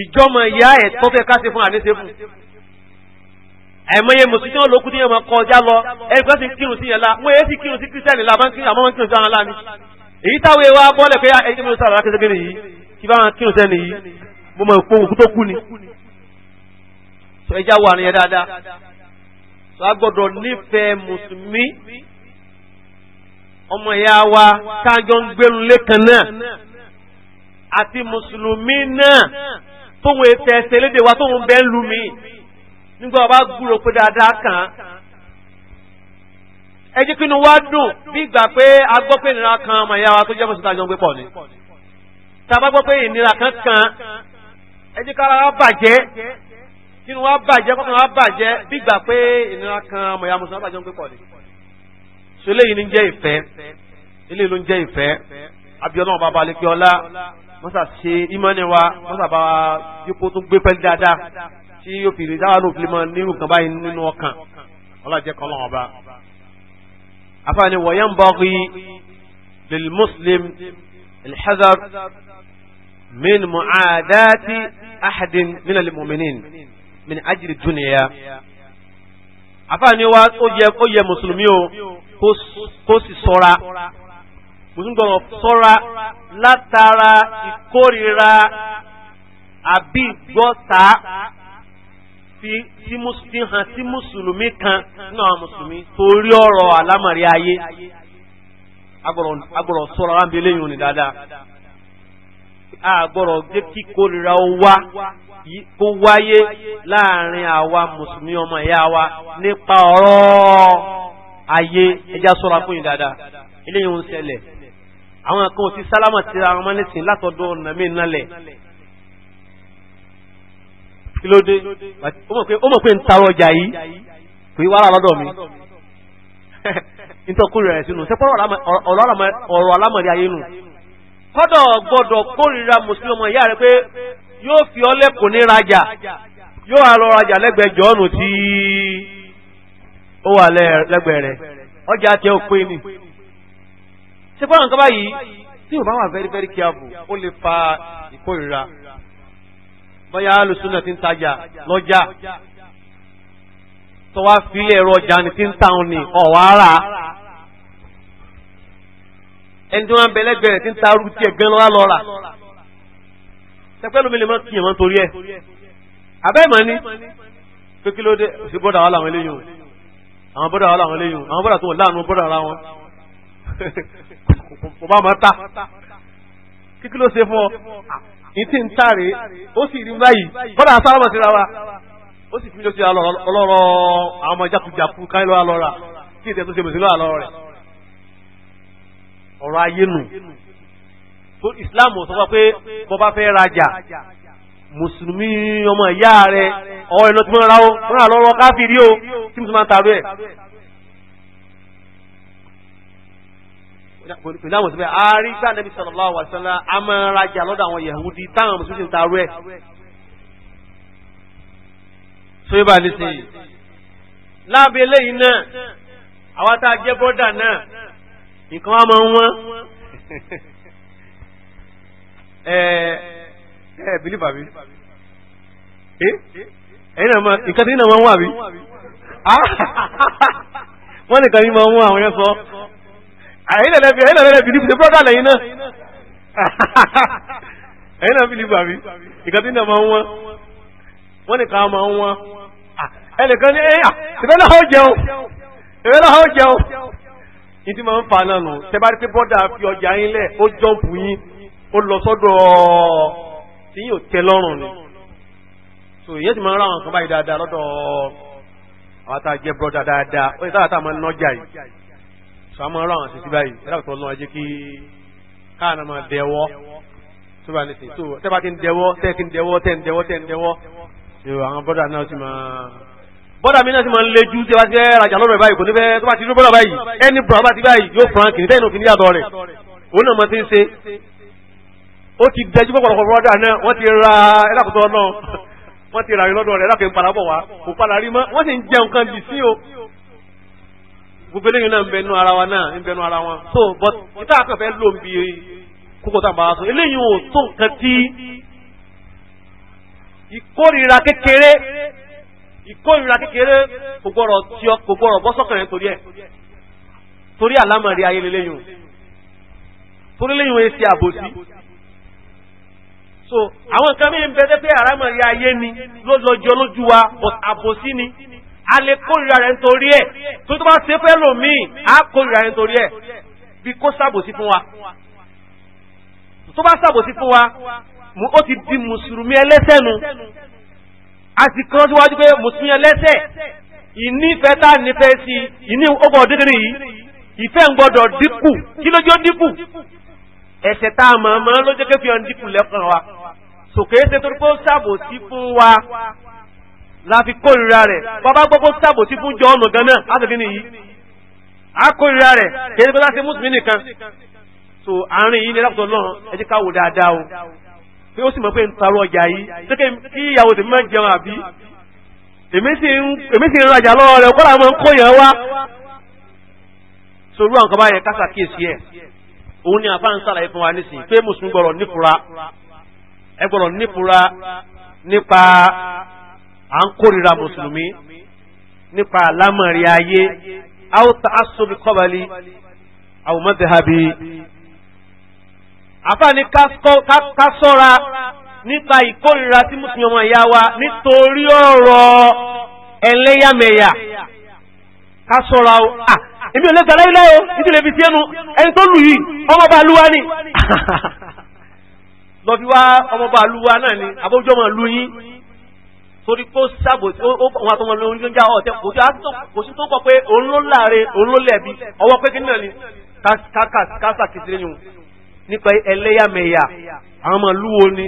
ìjọmọ ìyá ẹ̀ tó fẹ́ ká ṣe fún àníṣe fún àìmọye mùsùlùmí wọn lókùn tí yẹn máa kọjá lọ ẹni kan sì ń kírun sí yẹn la wọn èyí sì kírun sí kírísítẹ́nì la máa ń kírun àmọ́ wọn kírun sí ara la ni èyí táwọn ewa bọ́ọ̀lẹ̀ pé ah, ẹni tí mo sọ̀rọ̀ láti ṣẹ́gbẹ́ni yìí kí bá wọn kírun sẹ́ni yìí mo mọ̀ pé òkú tó kú ni sọ ẹja wà ní yẹn dáadáa sọ agbọ́dọ̀ nífẹ̀ẹ́ mùsùlùmí ọmọ ìyá wa tájọ ń gbẹrun lẹ́kan náà àti mùsùlùmí náà tóun ètò ẹsẹ̀ léde wa tóun bẹ́ẹ̀ lù mí nígbà wọn bá gbúrò pé dáadáa kàn án ẹ jẹ́ kí inú wa dùn bí ìgbà pé a gbọ́ pé ìnira kan ọmọ ìyá wa tó jẹ́ mùsùlùmí tájọ pọ̀ ni tá a bá gbọ́ pé ìnira kan kan ẹ jẹ́ kára wa bàjẹ́ kí inú wa bàjẹ́ kọ́kàn wa bàjẹ́ bí ìgbà pé ìnira kan ọmọ ìyá mùsùlùmí tájọ pọ̀ ni ṣe eléyìí ní jẹ́ ìfẹ́ eléyìí ló ń jẹ́ ìfẹ́ abiyọ́nà bàbá alẹ́kẹ́ ọlá mọ́sà ṣe ìmọ̀ni wa mọ́sà bá yípo tó gbé pẹ́lú dáadáa tí yóò fi rí dáhà lóòfin mọ́ nírú kan báyìí nínú ọkàn ọlọ́jẹ́ kan lọ́wọ́ afaani wọ̀nyẹn bọ́ọ̀kì lil muslim alḥazar min mucaadaati axadin min almuminin min ajiri duniya. afaani wa ó yẹ mùsùlùmí o. kó sì sọ́ra mùsùlùmí sọ́ra látara ìkórira àbí fi mùsùlùmí kan náà mùsùlùmí torí ọ̀rọ̀ àlámọ̀rí ayé agbọ̀rọ̀ sọ́ra wá ń òní dáadáa agbọ̀rọ̀ jẹ́ kí ọmọ ìyá wa nípa ọ̀rọ̀ ayé ẹja sọ́ra fún yìí dáadáa eléyìí ń ṣẹlẹ̀ àwọn kan ti sálámà ti ra àwọn mọ́lẹ́sìn látọ̀dọ̀ ọ̀nà mí nálẹ̀ kí ló dé ó mọ̀ pé ń tarọ ọjà yìí kò í wàrà lọ́dọ̀ mi nítorí kórìíra rẹ̀ sínú sẹ́pọ̀ ọ̀rọ̀ alámọ̀rí ayé nù kọ́dọ̀ gbọ́dọ̀ kórìíra mùsùlùmí ọmọ ìyá rẹ̀ pé yóò fi ọlẹ́kùn ní rajà yóò lọ rajà lẹ́gbẹ̀ẹ́ jọ́ọ̀nù tí ó wà lẹ́gbẹ̀ẹ́ rẹ̀ ọjà tí ó pé ní ṣe fọ́nà nǹkan báyìí tí ò bá wà very very careful ó lè fa ìkórìíra bóyá alùsùnà ti ń tajà lọ́jà tó wá fi ẹ̀rọ ọjà ni ti ń ta òun ni ọ̀wá ara ẹni tí wọ́n ń bẹ lẹ́gbẹ̀ẹ́ rẹ̀ ti ń ta arú tiẹ̀ gan lọ́wọ́ lọ́ra tẹpẹ́lú mi lè mọ́ kíyàn mọ́ torí ẹ̀ abẹ́ẹ̀mọ́ ni pé kí ló dé òsì wà láwọn eléyìí àwọn bọ́dà wà láwọn eléyìí àwọn bọ́dà tó wọ̀ láàánú bọ́dà ara wọn kò bá máa ta kíkí ló ṣe fún ọ ìtì ń tàrí ó sì rí báyìí bọ́dà sálámà síra wa ó sì fi ló ṣe ọlọ́rọ̀ àwọn ọmọ jákujàku káyọ̀ lọ́wọ́ lọ́ra kí ètò ìtúnṣe mùsùlùmí wà lọ́rọ̀ rẹ̀ ọ̀rọ̀ ayé nù Islam sọ pé bọ́ bá fẹ́ rajà mùsùlùmí ọmọ ìyá rẹ ọwọ́ ìlọ tí wọ́n ra ó wọ́n rà lọ́rọ́ káfíìrí o tí mo ti máa tàbí ẹ̀. pẹ̀lú àwọn ìsìnkú àríṣà nẹ́bí sallallahu alaihi wasallam a máa rajà lọ́dọ̀ àwọn yahudi táwọn mùsùlùmí ti ń tarú ẹ̀. so yóò bá ní sí i lábẹ́ eléyìí náà àwọn tá a jẹ́ bọ́dà náà nǹkan wa máa ń wọ́n. ẹ bìlífà mi ẹ ẹ̀yin náà máa nǹkan tí yín náà máa ń wà mí ah! wọ́n nìkan yín máa ń wọ́n àwọn yẹn sọ ah, ẹ̀yin náà lẹ́bi ẹ̀yin náà lẹ́bi ní ṣe bọ́dà lẹ́yìn náà ẹ̀yin náà bìlífà mi nǹkan tí yín náà máa ń wọ́n wọ́n nìkan máa ń wọ́n ah, ẹnìkan eh, ní ẹ̀yà ìbẹ́ náà ó jẹun ìbẹ́ náà ó jẹun yìí tí máa ń fa náà nù tẹ́ pé bọ́dà fi ọjà yín lẹ̀ ó jọ́ǹpù yín ó lọ sọ́dọ̀ ọ́ tí yóò tẹ́ lọ́rùn ni so ìyẹn ti máa ń ra àwọn kan báyìí dáadáa lọ́dọ̀ àwọn tá a jẹ́ bọ́dà dáadáa ó yẹ táwọn tá a máa ń nọ́jà yìí so a máa ń ra àwọn àṣìṣe báyìí ẹ̀dá tó lọ́wọ́ jẹ́ kí káàna máa dẹwọ́ tó bá ní sè so tẹ́ bá ti ń dẹwọ́ tẹ́ ti ń dẹwọ́ tẹ́ ń dẹwọ́ tẹ́ ń dẹwọ́ so àwọn bọ́dà náà ti máa bọ́dà mi náà ti máa ń lejú tí wá sí ẹ̀rajà lọ́rọ̀ báyìí kò ní fẹ́ tó bá ti dúró bọ́dà báyìí ẹni bùrọ̀ bá ti báyìí yóò frank ní tẹ́yìn òfin yàtọ̀ rẹ̀ òun náà mo ti ń ṣe ó ti dẹjú pọ̀pọ̀lọpọ̀ fún ọ̀dà náà wọ́n ti ra ẹlẹ́kùtọ̀ náà wọ́n ti ra ìlọ́dọ̀ rẹ̀ ẹlẹ́kùn ìparapọ̀ wá kò padà rí mọ́ wọ́n sì ń jẹun kan bì sí o gbogbo eléyìí náà ń bẹnu ara wa náà ń bẹnu ara wọn so but ìta àkànfẹ́ ló ń bi kókó tá a bá wa sọ eléyìí ò tó nǹkan tí ìkórira kékeré ìkórira kékeré kò gbọ́rọ̀ tí ọ kò gbọ́rọ̀ bọ́ sọ́kàn rẹ̀ torí ẹ̀ torí àlámọ̀rí ayé lélẹ́yìn torí lẹ́yìn ẹ̀ ṣe àbòsí so àwọn nǹkan mi ń bẹ tẹ́ pé ayé ni ló lójú wa àbòsí ni a lè kórìíra rẹ̀ nítorí ẹ̀ tó tó bá ṣe fẹ́ lòmíì á kórìíra rẹ̀ nítorí ẹ̀ bí kó ṣàbòsí fún wa tó bá ṣàbòsí fún wa ó ti di mùsùlùmí ẹlẹ́sẹ̀ nu a sì kàn síwájú pé mùsùlùmí ẹlẹ́sẹ̀ ìnífẹ̀ẹ́ nífẹ̀ẹ́ sí ìní ó dídírí yìí ìfẹ́ ń gbọ́dọ̀ dínkù kí lójú ó dínkù ẹ̀ṣẹ̀ tá a mọ̀ mọ́ ló jẹ́ kéfìàn dínkù lẹ́kàn wa sòkè é ṣe torí pé ó ṣàbòsí fún wa láfi kórìíra rẹ̀ bàbá gbogbo ṣàbòsí fún jọ ọ̀nà gan náà á tẹ̀lé nìyí á kórìíra rẹ̀ kéde pé láti mùsùlùmí nìkan so àárín yìí ní ẹlẹ́kùtọ̀ náà ẹ jẹ́ ká wò dáadáa o pé ó sì mọ̀ pé ń tarọ ọjà yìí ṣé kí ìyàwó tèmi máa ń jẹun àbí èmi sì ń rajà lọ́wọ́ rẹ̀ kọ́lá máa ń kóyàn wá sorú àwọn kan báyẹn kásà kíyèsí ẹ̀ òun ni àfa ń sàlàyé fún wa nísìnyí pé mùsùlùmí gbọ́dọ̀ nífura ẹ gbọ́dọ̀ nífura nípa à ń kórira mùsùlùmí nípa àlámọ̀rí ayé aw ta'assubi qabali aw madhhabi àfa ni ká sọ́ra nípa ìkórira tí mùsùlùmí ọmọ ìyá wa nítorí ọ̀rọ̀ ẹlẹ́yàmẹ̀yà ká sọ́ra ó èmi ò lè sàlàyé láyò nítorí fi tiẹ́nu ẹni tó lù yìí ọmọọba àlúwa ni lọ fi wá ọmọọba àlúwa náà ni àbójọ́ mọ̀ lu yín torí kó sábò òun àtọmọ lóun ló ń já ọ̀tẹ́ kò sí tó kọ pé òun ló láre òun ló lẹ̀bi ọwọ́ pé kíni náà ni kásà kìsìrì yìí nípa ẹlẹ́yàmẹ̀yà àwọn ọmọ lúwo ni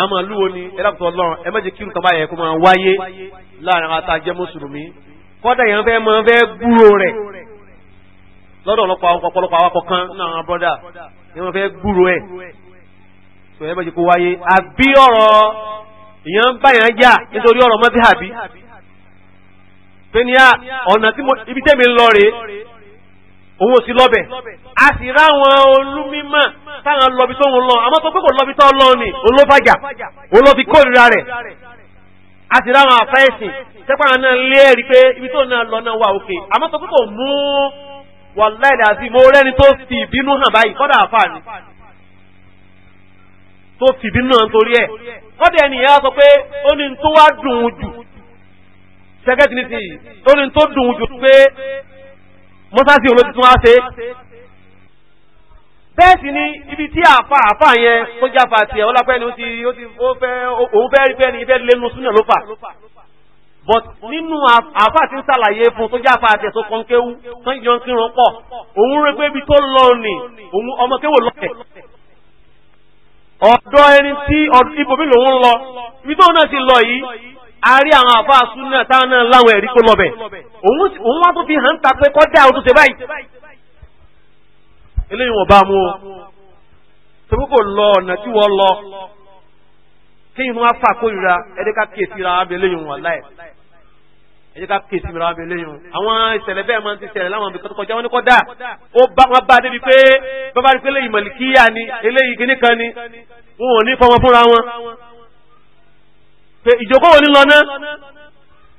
àwọn ọmọ lúwo ni ẹlẹ́kùtọ̀ ọlọ́run ẹ má kí nǹkan báyẹn kó máa wáyé láàrin ata jẹ́ mùsùlùmí kọ́dà yẹn fẹ́ mọ fẹ́ gbúrò rẹ̀ lọ́dọ̀ ọ̀lọ́pàá àwọn ọ̀pọ̀lọpọ̀ àwọn akọ̀kan náà àwọn bọ́dà yẹn fẹ́ gbúrò ẹ̀ tó yẹ bá jẹ́ kó wáyé àbí ọ̀rọ̀ ìyẹn ń bá yẹn jà nítorí ọ̀rọ̀ mọ́tí àbí pẹ́niá ọ̀nà tí ibi tẹ́mi ń lọ rèé owó sí lọ́bẹ̀ a sì ráwọn olúmímọ̀ táwọn lọ́bi tó ń lọ àmọ́ tó pé kò lọ́bi tó lọ ni olófàjà olófi kórìíra rẹ̀ a ti ráwọn àfẹ́ẹ̀sìn tẹ́pàá náà lé ẹ̀rí pé ibi tó náà lọ náà wà òkè àmọ́ tó kókò mú wàláì àti mo rẹ́ni tó fi ìbínú hàn báyìí kọ́dà àfà ni tó fi ìbínú hàn torí ẹ̀ kọ́dà ẹnìyàn sọ pé ó ní tó wá dùn ún jù ṣẹ́gẹ́tì ní ó ní tó dùn ún jù pé mọ́sáàsì olóòtú wá ṣe bẹ́ẹ̀ sì ni ibi tí àfà àfà yẹn tó jáfa tiẹ̀ ó lápẹ́ ni ó ti ó ti ó fẹ́ òun fẹ́ rí fẹ́ ni fẹ́ lẹ́nu súnà ló fà but nínú àfà tí ń ṣàlàyé fún tó jáfa tiẹ̀ tó kàn kéwu tán ìjọ ń kírun pọ̀ òun rí pé ibi tó lọ ni òun ọmọ kéwò lọ́tẹ̀ ọ̀dọ̀ ẹni tí ibòmí lòun lọ ibi tóun náà ti lọ yìí a rí àwọn àfà súnà táwọn náà láwọn ẹ̀rí tó lọ bẹ̀ òun wá tó fi hàn ta pé kọ́ dá o tó ṣe báyìí eléyìí wọn bá mú o tòbí kò lọ ọ̀nà tí wọ́n lọ kí inú afa kórìíra ẹ̀dẹ́ ká kíyèsí ra abẹ eléyìí wọn láì ẹ̀dẹ́ ká kíyèsí ra abẹ eléyìí wọn. àwọn ìṣẹ̀lẹ̀ bẹ́ẹ̀ máa ń ti ṣẹlẹ̀ láwọn ibi tó kọjá wọn ní kọ́ dà ó bá wọn bá débi pé bàbá rí pé eléyìí mọ̀lìkíyà ni eléyìí gíní kan ni wọn ò ní fọwọ́ fúnra wọn. ìjókòó ò ní lọ ná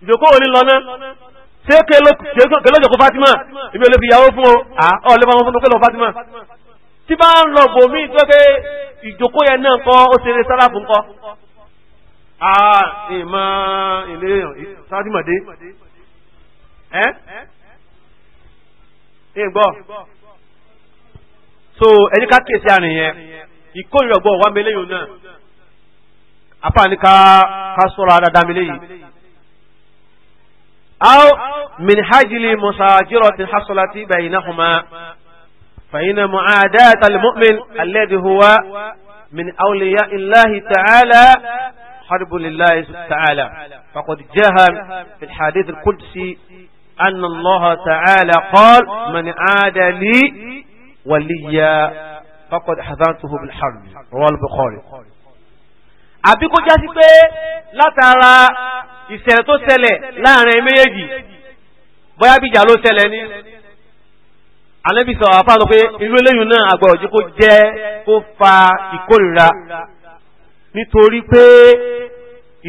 ìjókòó ò ní lọ ná ṣé kẹlọ́jọ̀ kó Fatima ibi olóbi ìyàwó fún ọ ọ̀lẹ́bàá wọn fún kẹlọ́ Fatima tí bá ń lọ bòmí tó pé ìjókòó yẹn náà kọ́ ó ṣeré sáláàfù ńkọ́ ìmọ̀ ilé sátìmọ̀dé ẹ́ ìgbọ́ so ẹni ká kèsí àrìn yẹn ìkórìí ọgbọ́n wà mí léyìn náà apá ní ká sọ́ra dáadáa mi léyìn. أو من حجل مساجرة حصلت بينهما فإن معاداة المؤمن الذي هو من أولياء الله تعالى حرب لله تعالى فقد جهل في الحديث القدسي أن الله تعالى قال من عاد لي وليا فقد حذرته بالحرب رواه البخاري àbí kó jásí pé látara ìṣẹ̀lẹ̀ tó ṣẹlẹ̀ láàrin méjèèjì bóyá bíjà ló ṣẹlẹ̀ ní Ànábì sọ àfáà sọ pé irú eléyìí náà àgbọ̀rọ̀ jí kó jẹ́ kó fa ìkórìíra nítorí pé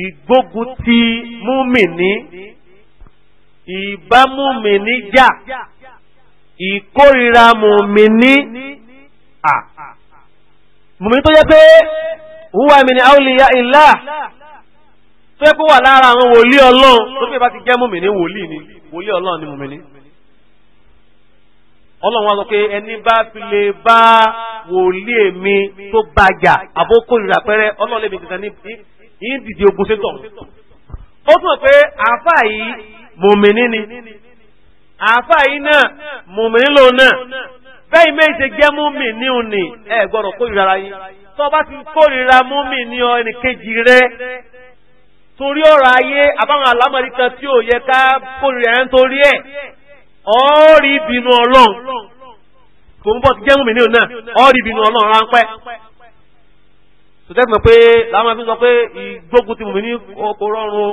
ìgbógun ti múmìní ìbámúmìní jà ìkórìíra múmìní à múmìní tó jẹ́ pé huwa min awliya illah tó yẹ kó wà lára àwọn wòlíì ọlọ́run tó fi bá ti jẹ́ mùmìnì wòlíì ni wòlíì ọlọ́run ni mùmìnì ọlọ́run wa sọ pé ẹni bá fi lè bá wòlíì èmi tó bàjà àbókò ìrà pẹ́rẹ́ ọlọ́run lèmi kankan ní ìdìdì ogun sétọ̀ ó túnmọ̀ pé àáfà yìí mùmìnì ni àáfà yìí náà mùmìnì lòun náà bẹ́ẹ̀ méje jẹ́ mùmìnì òní ẹ̀ gbọ́dọ̀ kó yìí tó bá ti kórìíra múmi ní ọ ẹnìkejì rẹ torí ọ̀rọ̀ ayé àbáwọn àlámọ̀rí kan tí ò yẹ ká kórìíra ẹ̀ ń torí ẹ̀ ọ̀ọ́rì ìbínú ọlọ́run kò ń bọ̀ ti jẹ́ múmi ní òun náà ọ̀ọ́rì ìbínú ọlọ́run ráńpẹ́ sọtẹ́gbọ̀n pé làwọn afi sọ pé ìgbógun ti múmi ní oko rọrùn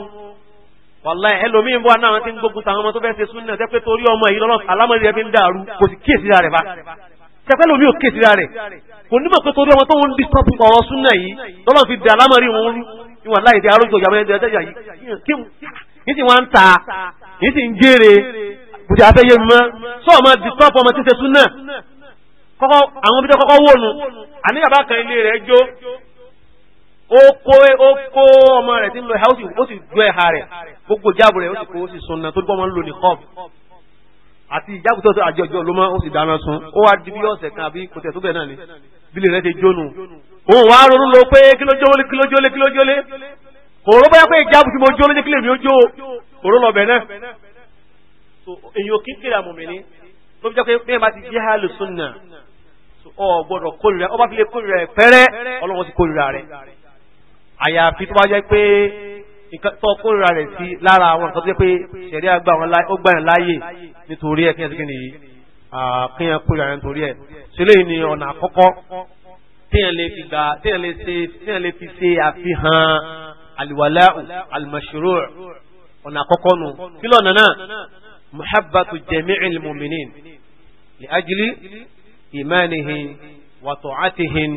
wàláì ẹlòmíì ń bọ̀ náà ti ń gbógun tàwọn ọmọ tó fẹ́ ṣe súnà tẹ́ pé torí ọmọ yìí lọ́nà àlámọ̀rí rẹ fi ń dàrú kò sì kíyèsí rẹ̀ bá tẹpẹ́lú mi ò kéèsì ra rẹ̀ kò nímọ̀ pé torí ọmọ tó ń disturb ọ̀rọ̀ súnà yìí lọ́lọ́ fi dà lámọ̀rí wọn rú ìwọ̀n láì dé arójọ ìyàwó ẹ̀dẹ̀ ẹ̀dẹ̀ yìí kí ni wọ́n ń ta kì í sì ń jèrè bùdí afẹ́yẹ mọ́ sọ ọmọ disturb ọmọ tí ń ṣe súnà kọ́kọ́ àwọn bíjọ́ kọ́kọ́ wò nu àní bàbá kan ilé rẹ̀ jó ó kó ó kó ọmọ rẹ̀ tí ń lọ ẹ̀ha ó sì gbọ́ ẹ̀ha rẹ̀ gbogbo jáàbù rẹ̀ ó sì kó ó sì sunna tó dúpọ́ ọmọ ń lò ní kọ́ọ̀bù àti ìjábùtọ́ tó àjọjọ ló mọ́ ó sì dáná sun ó wá di bí ọ̀sẹ̀ kan àbí kò tẹ̀ tó bẹ̀ náà ni bílẹ̀ rẹ ti jónu òun wá ronú lọ pé kílójólé kílójólé kílójólé kò rọ́ bóyá pé ìjábùtí mo jó lójú kílèmí ó jó òró lọ bẹ̀ náà èyàn kí kéré àmùmí ni ló fi jẹ́ pé bẹ́ẹ̀ bá ti jẹ́ hàlù súnà ọ gbọ́dọ̀ kórìíra ọba fi lè kórìíra ẹ̀ pẹ́rẹ́ ọlọ́wọ́n ti kórìíra rẹ̀ àyàfi tó bá jẹ́ pé nǹkan tó kórìíra rẹ̀ sí lára àwọn nǹkan tó jẹ́ pé ṣẹ̀rí àgbà wọn ó gbà yàn láàyè nítorí ẹ̀ kí ẹ ti kí ni yìí kí ẹ kó ìyàrá nítorí ẹ̀ ṣẹlẹ̀ yìí ni ọ̀nà àkọ́kọ́ téèyàn lè fi gbà téèyàn lè ṣe téèyàn lè fi ṣe àfihàn àlùwàlá àlùmọ̀ṣúrò ọ̀nà àkọ́kọ́ nù kí lọ́nà náà muhabbatu jami'il mu'minin li ajli imanihin wa ta'atihin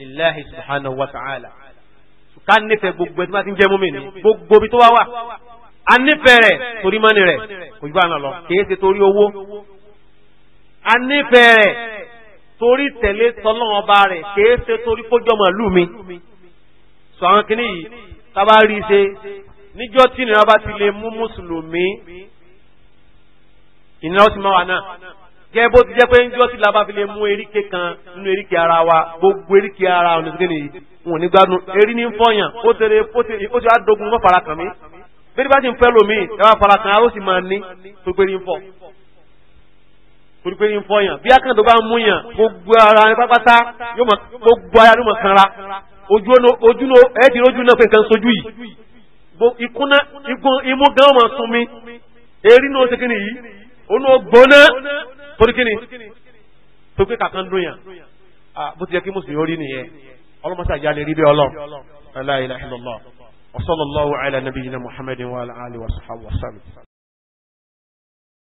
lillahi subhanahu wa ta'ala ká nífẹ̀ẹ́ gbogbo ẹ̀ tí wọ́n ti ń jẹ́ mùmínì gbogbo ibi tó wá wà a nífẹ̀ẹ́ rẹ̀ torí mọ́ni rẹ̀ kò jù bá náà lọ kìí ṣe torí owó a nífẹ̀ẹ́ rẹ̀ torí tẹ̀lé tọ́lọ́wọ́n bá rẹ̀ kìí ṣe torí kójọ́mọ̀ lù mi sọ àwọn kìíní yìí tábà rí i ṣe níjọ́ tí ìnira bá ti lè mú mùsùlùmí ìnira ó ti máa wà náà gẹ́gẹ́ bó ti jẹ́ pé níjọ́ tí la fi lè mú eríkè kan nínú eríkè ara wa gbogbo eríkè ara ọ̀nà ìṣẹ́kẹ́ nìyí wọn ní gbádùn erí ní fọyàn ó ti rẹ ó ti wá dogun mọ́ fara kàn mí bẹ́ẹ̀ bá ti ń fẹ́ lómi ẹ máa fara kan ó sì máa ní tó gbé ní fọ́ torí pé ń fọ́ yàn bí akẹ́kọ̀ọ́ tó bá ń mú yàn gbogbo ara ní pápátá gbogbo ara ló mọ̀ kanra ojú ojú ẹ̀ẹ́dì ojú náà pé nǹkan sojú yìí ikúná igun imú gan ọmọ sun mi erin náà ó ṣe kí ni yìí òun ó gbóná torí kí ni tó pé kàkan dùn yàn bó ti yẹ kí mùsùlùmí ó rí nìyẹn ọlọ́mọṣẹ́ àjálẹ̀ rí bẹ́ẹ̀ ọlọ́run aláìláìlọ́lọ́. وصلى الله على نبينا محمد وعلى آله وصحبه وسلم